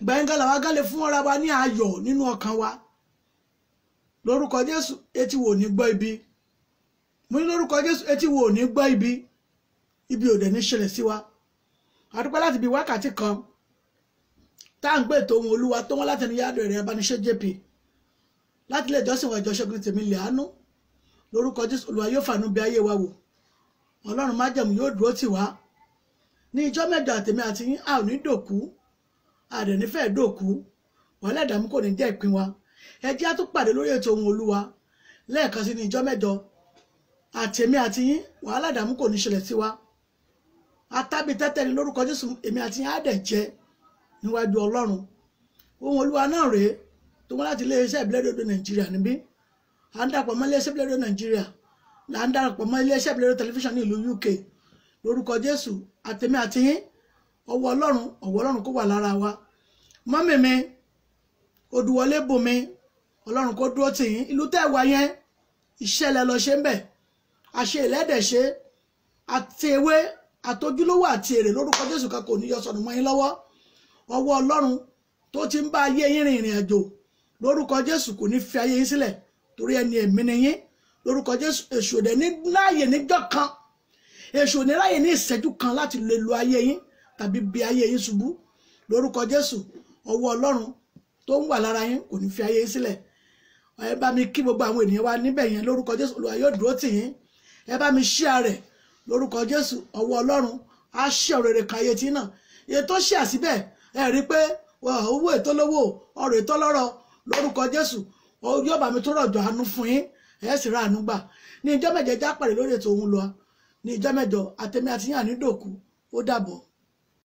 ìgbà yẹn gan làwọn gan lè fún ara wa ní ayọ̀ nínú ọkàn wa lórúkọ Jésù etí wo ní gbọ́ ibi mo ní lórúkọ Jésù etí wo ní gbọ́ ibi ibi ò dẹ̀ ní ṣẹlẹ̀ sí wa àdúpẹ́ láti bíi wákàtí kan tá à ń gbé ètò ohun olúwa tó wọ́n láti ní yàrá ìrìn abániṣẹ́ jp láti ilé ìjọsìn wa ìjọ Ṣẹ́gun tèmi lè àánú lórúkọ Jésù olúwa yóò fàánú bí ayé wa wò ọlọ́run májẹ̀mú yóò dúró tì wá ní ìjọ mẹ́jọ àtèmi àti yín a ò ní dòkú a dẹ̀ ní fẹ́ẹ́ dòkú wàhálà ìdààmú kò ní jẹ́ ìpín wa ẹ jẹ́ á pàdé lórí ètò ohun olúwa lẹ́ẹ̀kan sí ní ìjọ mẹ́jọ àtèmi àti yín wàhálà ìdààmú kò ní ṣẹlẹ̀ sí wa atábí tẹ́tẹ́ ni lórúkọ jésù èmi àti yín á dẹ̀ jẹ níwájú ọlọ́run ohun olúwa náà rèé tó wọ́n láti iléeṣẹ́ ìbílẹ̀ rédíò nàìjíríà níbí à ń darapọ̀ mọ́ iléeṣẹ́ ìbílẹ̀ rédíò nàìjíríà là ń darapọ̀ mọ́ iléeṣẹ́ ìbílẹ̀ tẹlifíṣàn ní ìlú UK lórúkọ jésù àtẹ̀mí àti yín ọwọ́ ọlọ́run ọwọ́ ọlọ́run kó wà lára wa mọ́mì mi odùwọlé bùnmi ọlọ́run kó dúró tì yín ìlú tẹ́ wà yẹn ìṣẹ̀lẹ̀ lọ ṣe ń bẹ̀ àṣe ìlẹ́dẹ̀ ṣe àti ewé àtojúlówó àti èrè lórúkọ jésù kan kò ní yọ sọnù mọ́ yín lọ́wọ́ ọwọ́ ọlọ́run tó ti ń bá ayé yín rìn àjò lórúkọ jésù kò ní fi ayé yín sílẹ̀ torí ẹni ẹ̀mí ni yín lórúkọ jésù èṣù òde ní láàyè níjọ́ kan èṣù òde láàyè ní ìṣẹ́jú kan láti lè lo ayé yín tàbí bí ayé yín ṣubú lórúkọ jésù ọwọ́ ọlọ́run tó ń wà lára yín kò ní fi ayé yín sílẹ̀ ẹ bá mi kí gbogbo àwọn ènìyàn wa níbẹ̀ yẹn lórúkọ jésù olúwa yóò dúró tì yín ẹ bá mi ṣí àrẹ̀ lórúkọ jésù ọwọ́ ọlọ́run á ṣe òrèrè kàyé tí náà iye tó ṣe àsíbẹ̀ ẹ rí i pé owó ètò lówó ọrọ̀ ètò lọ́rọ̀ lórúkọ jésù yóò bá mi tó rọ̀jò àánú fún yín ẹ sì ra àánú gbà ní ìjọ mẹ́jọ jápàdé lórí ètò òun lọ ní ìjọ mẹ́jọ àtẹmí àtìyàn ní dòkú ó dàbọ̀.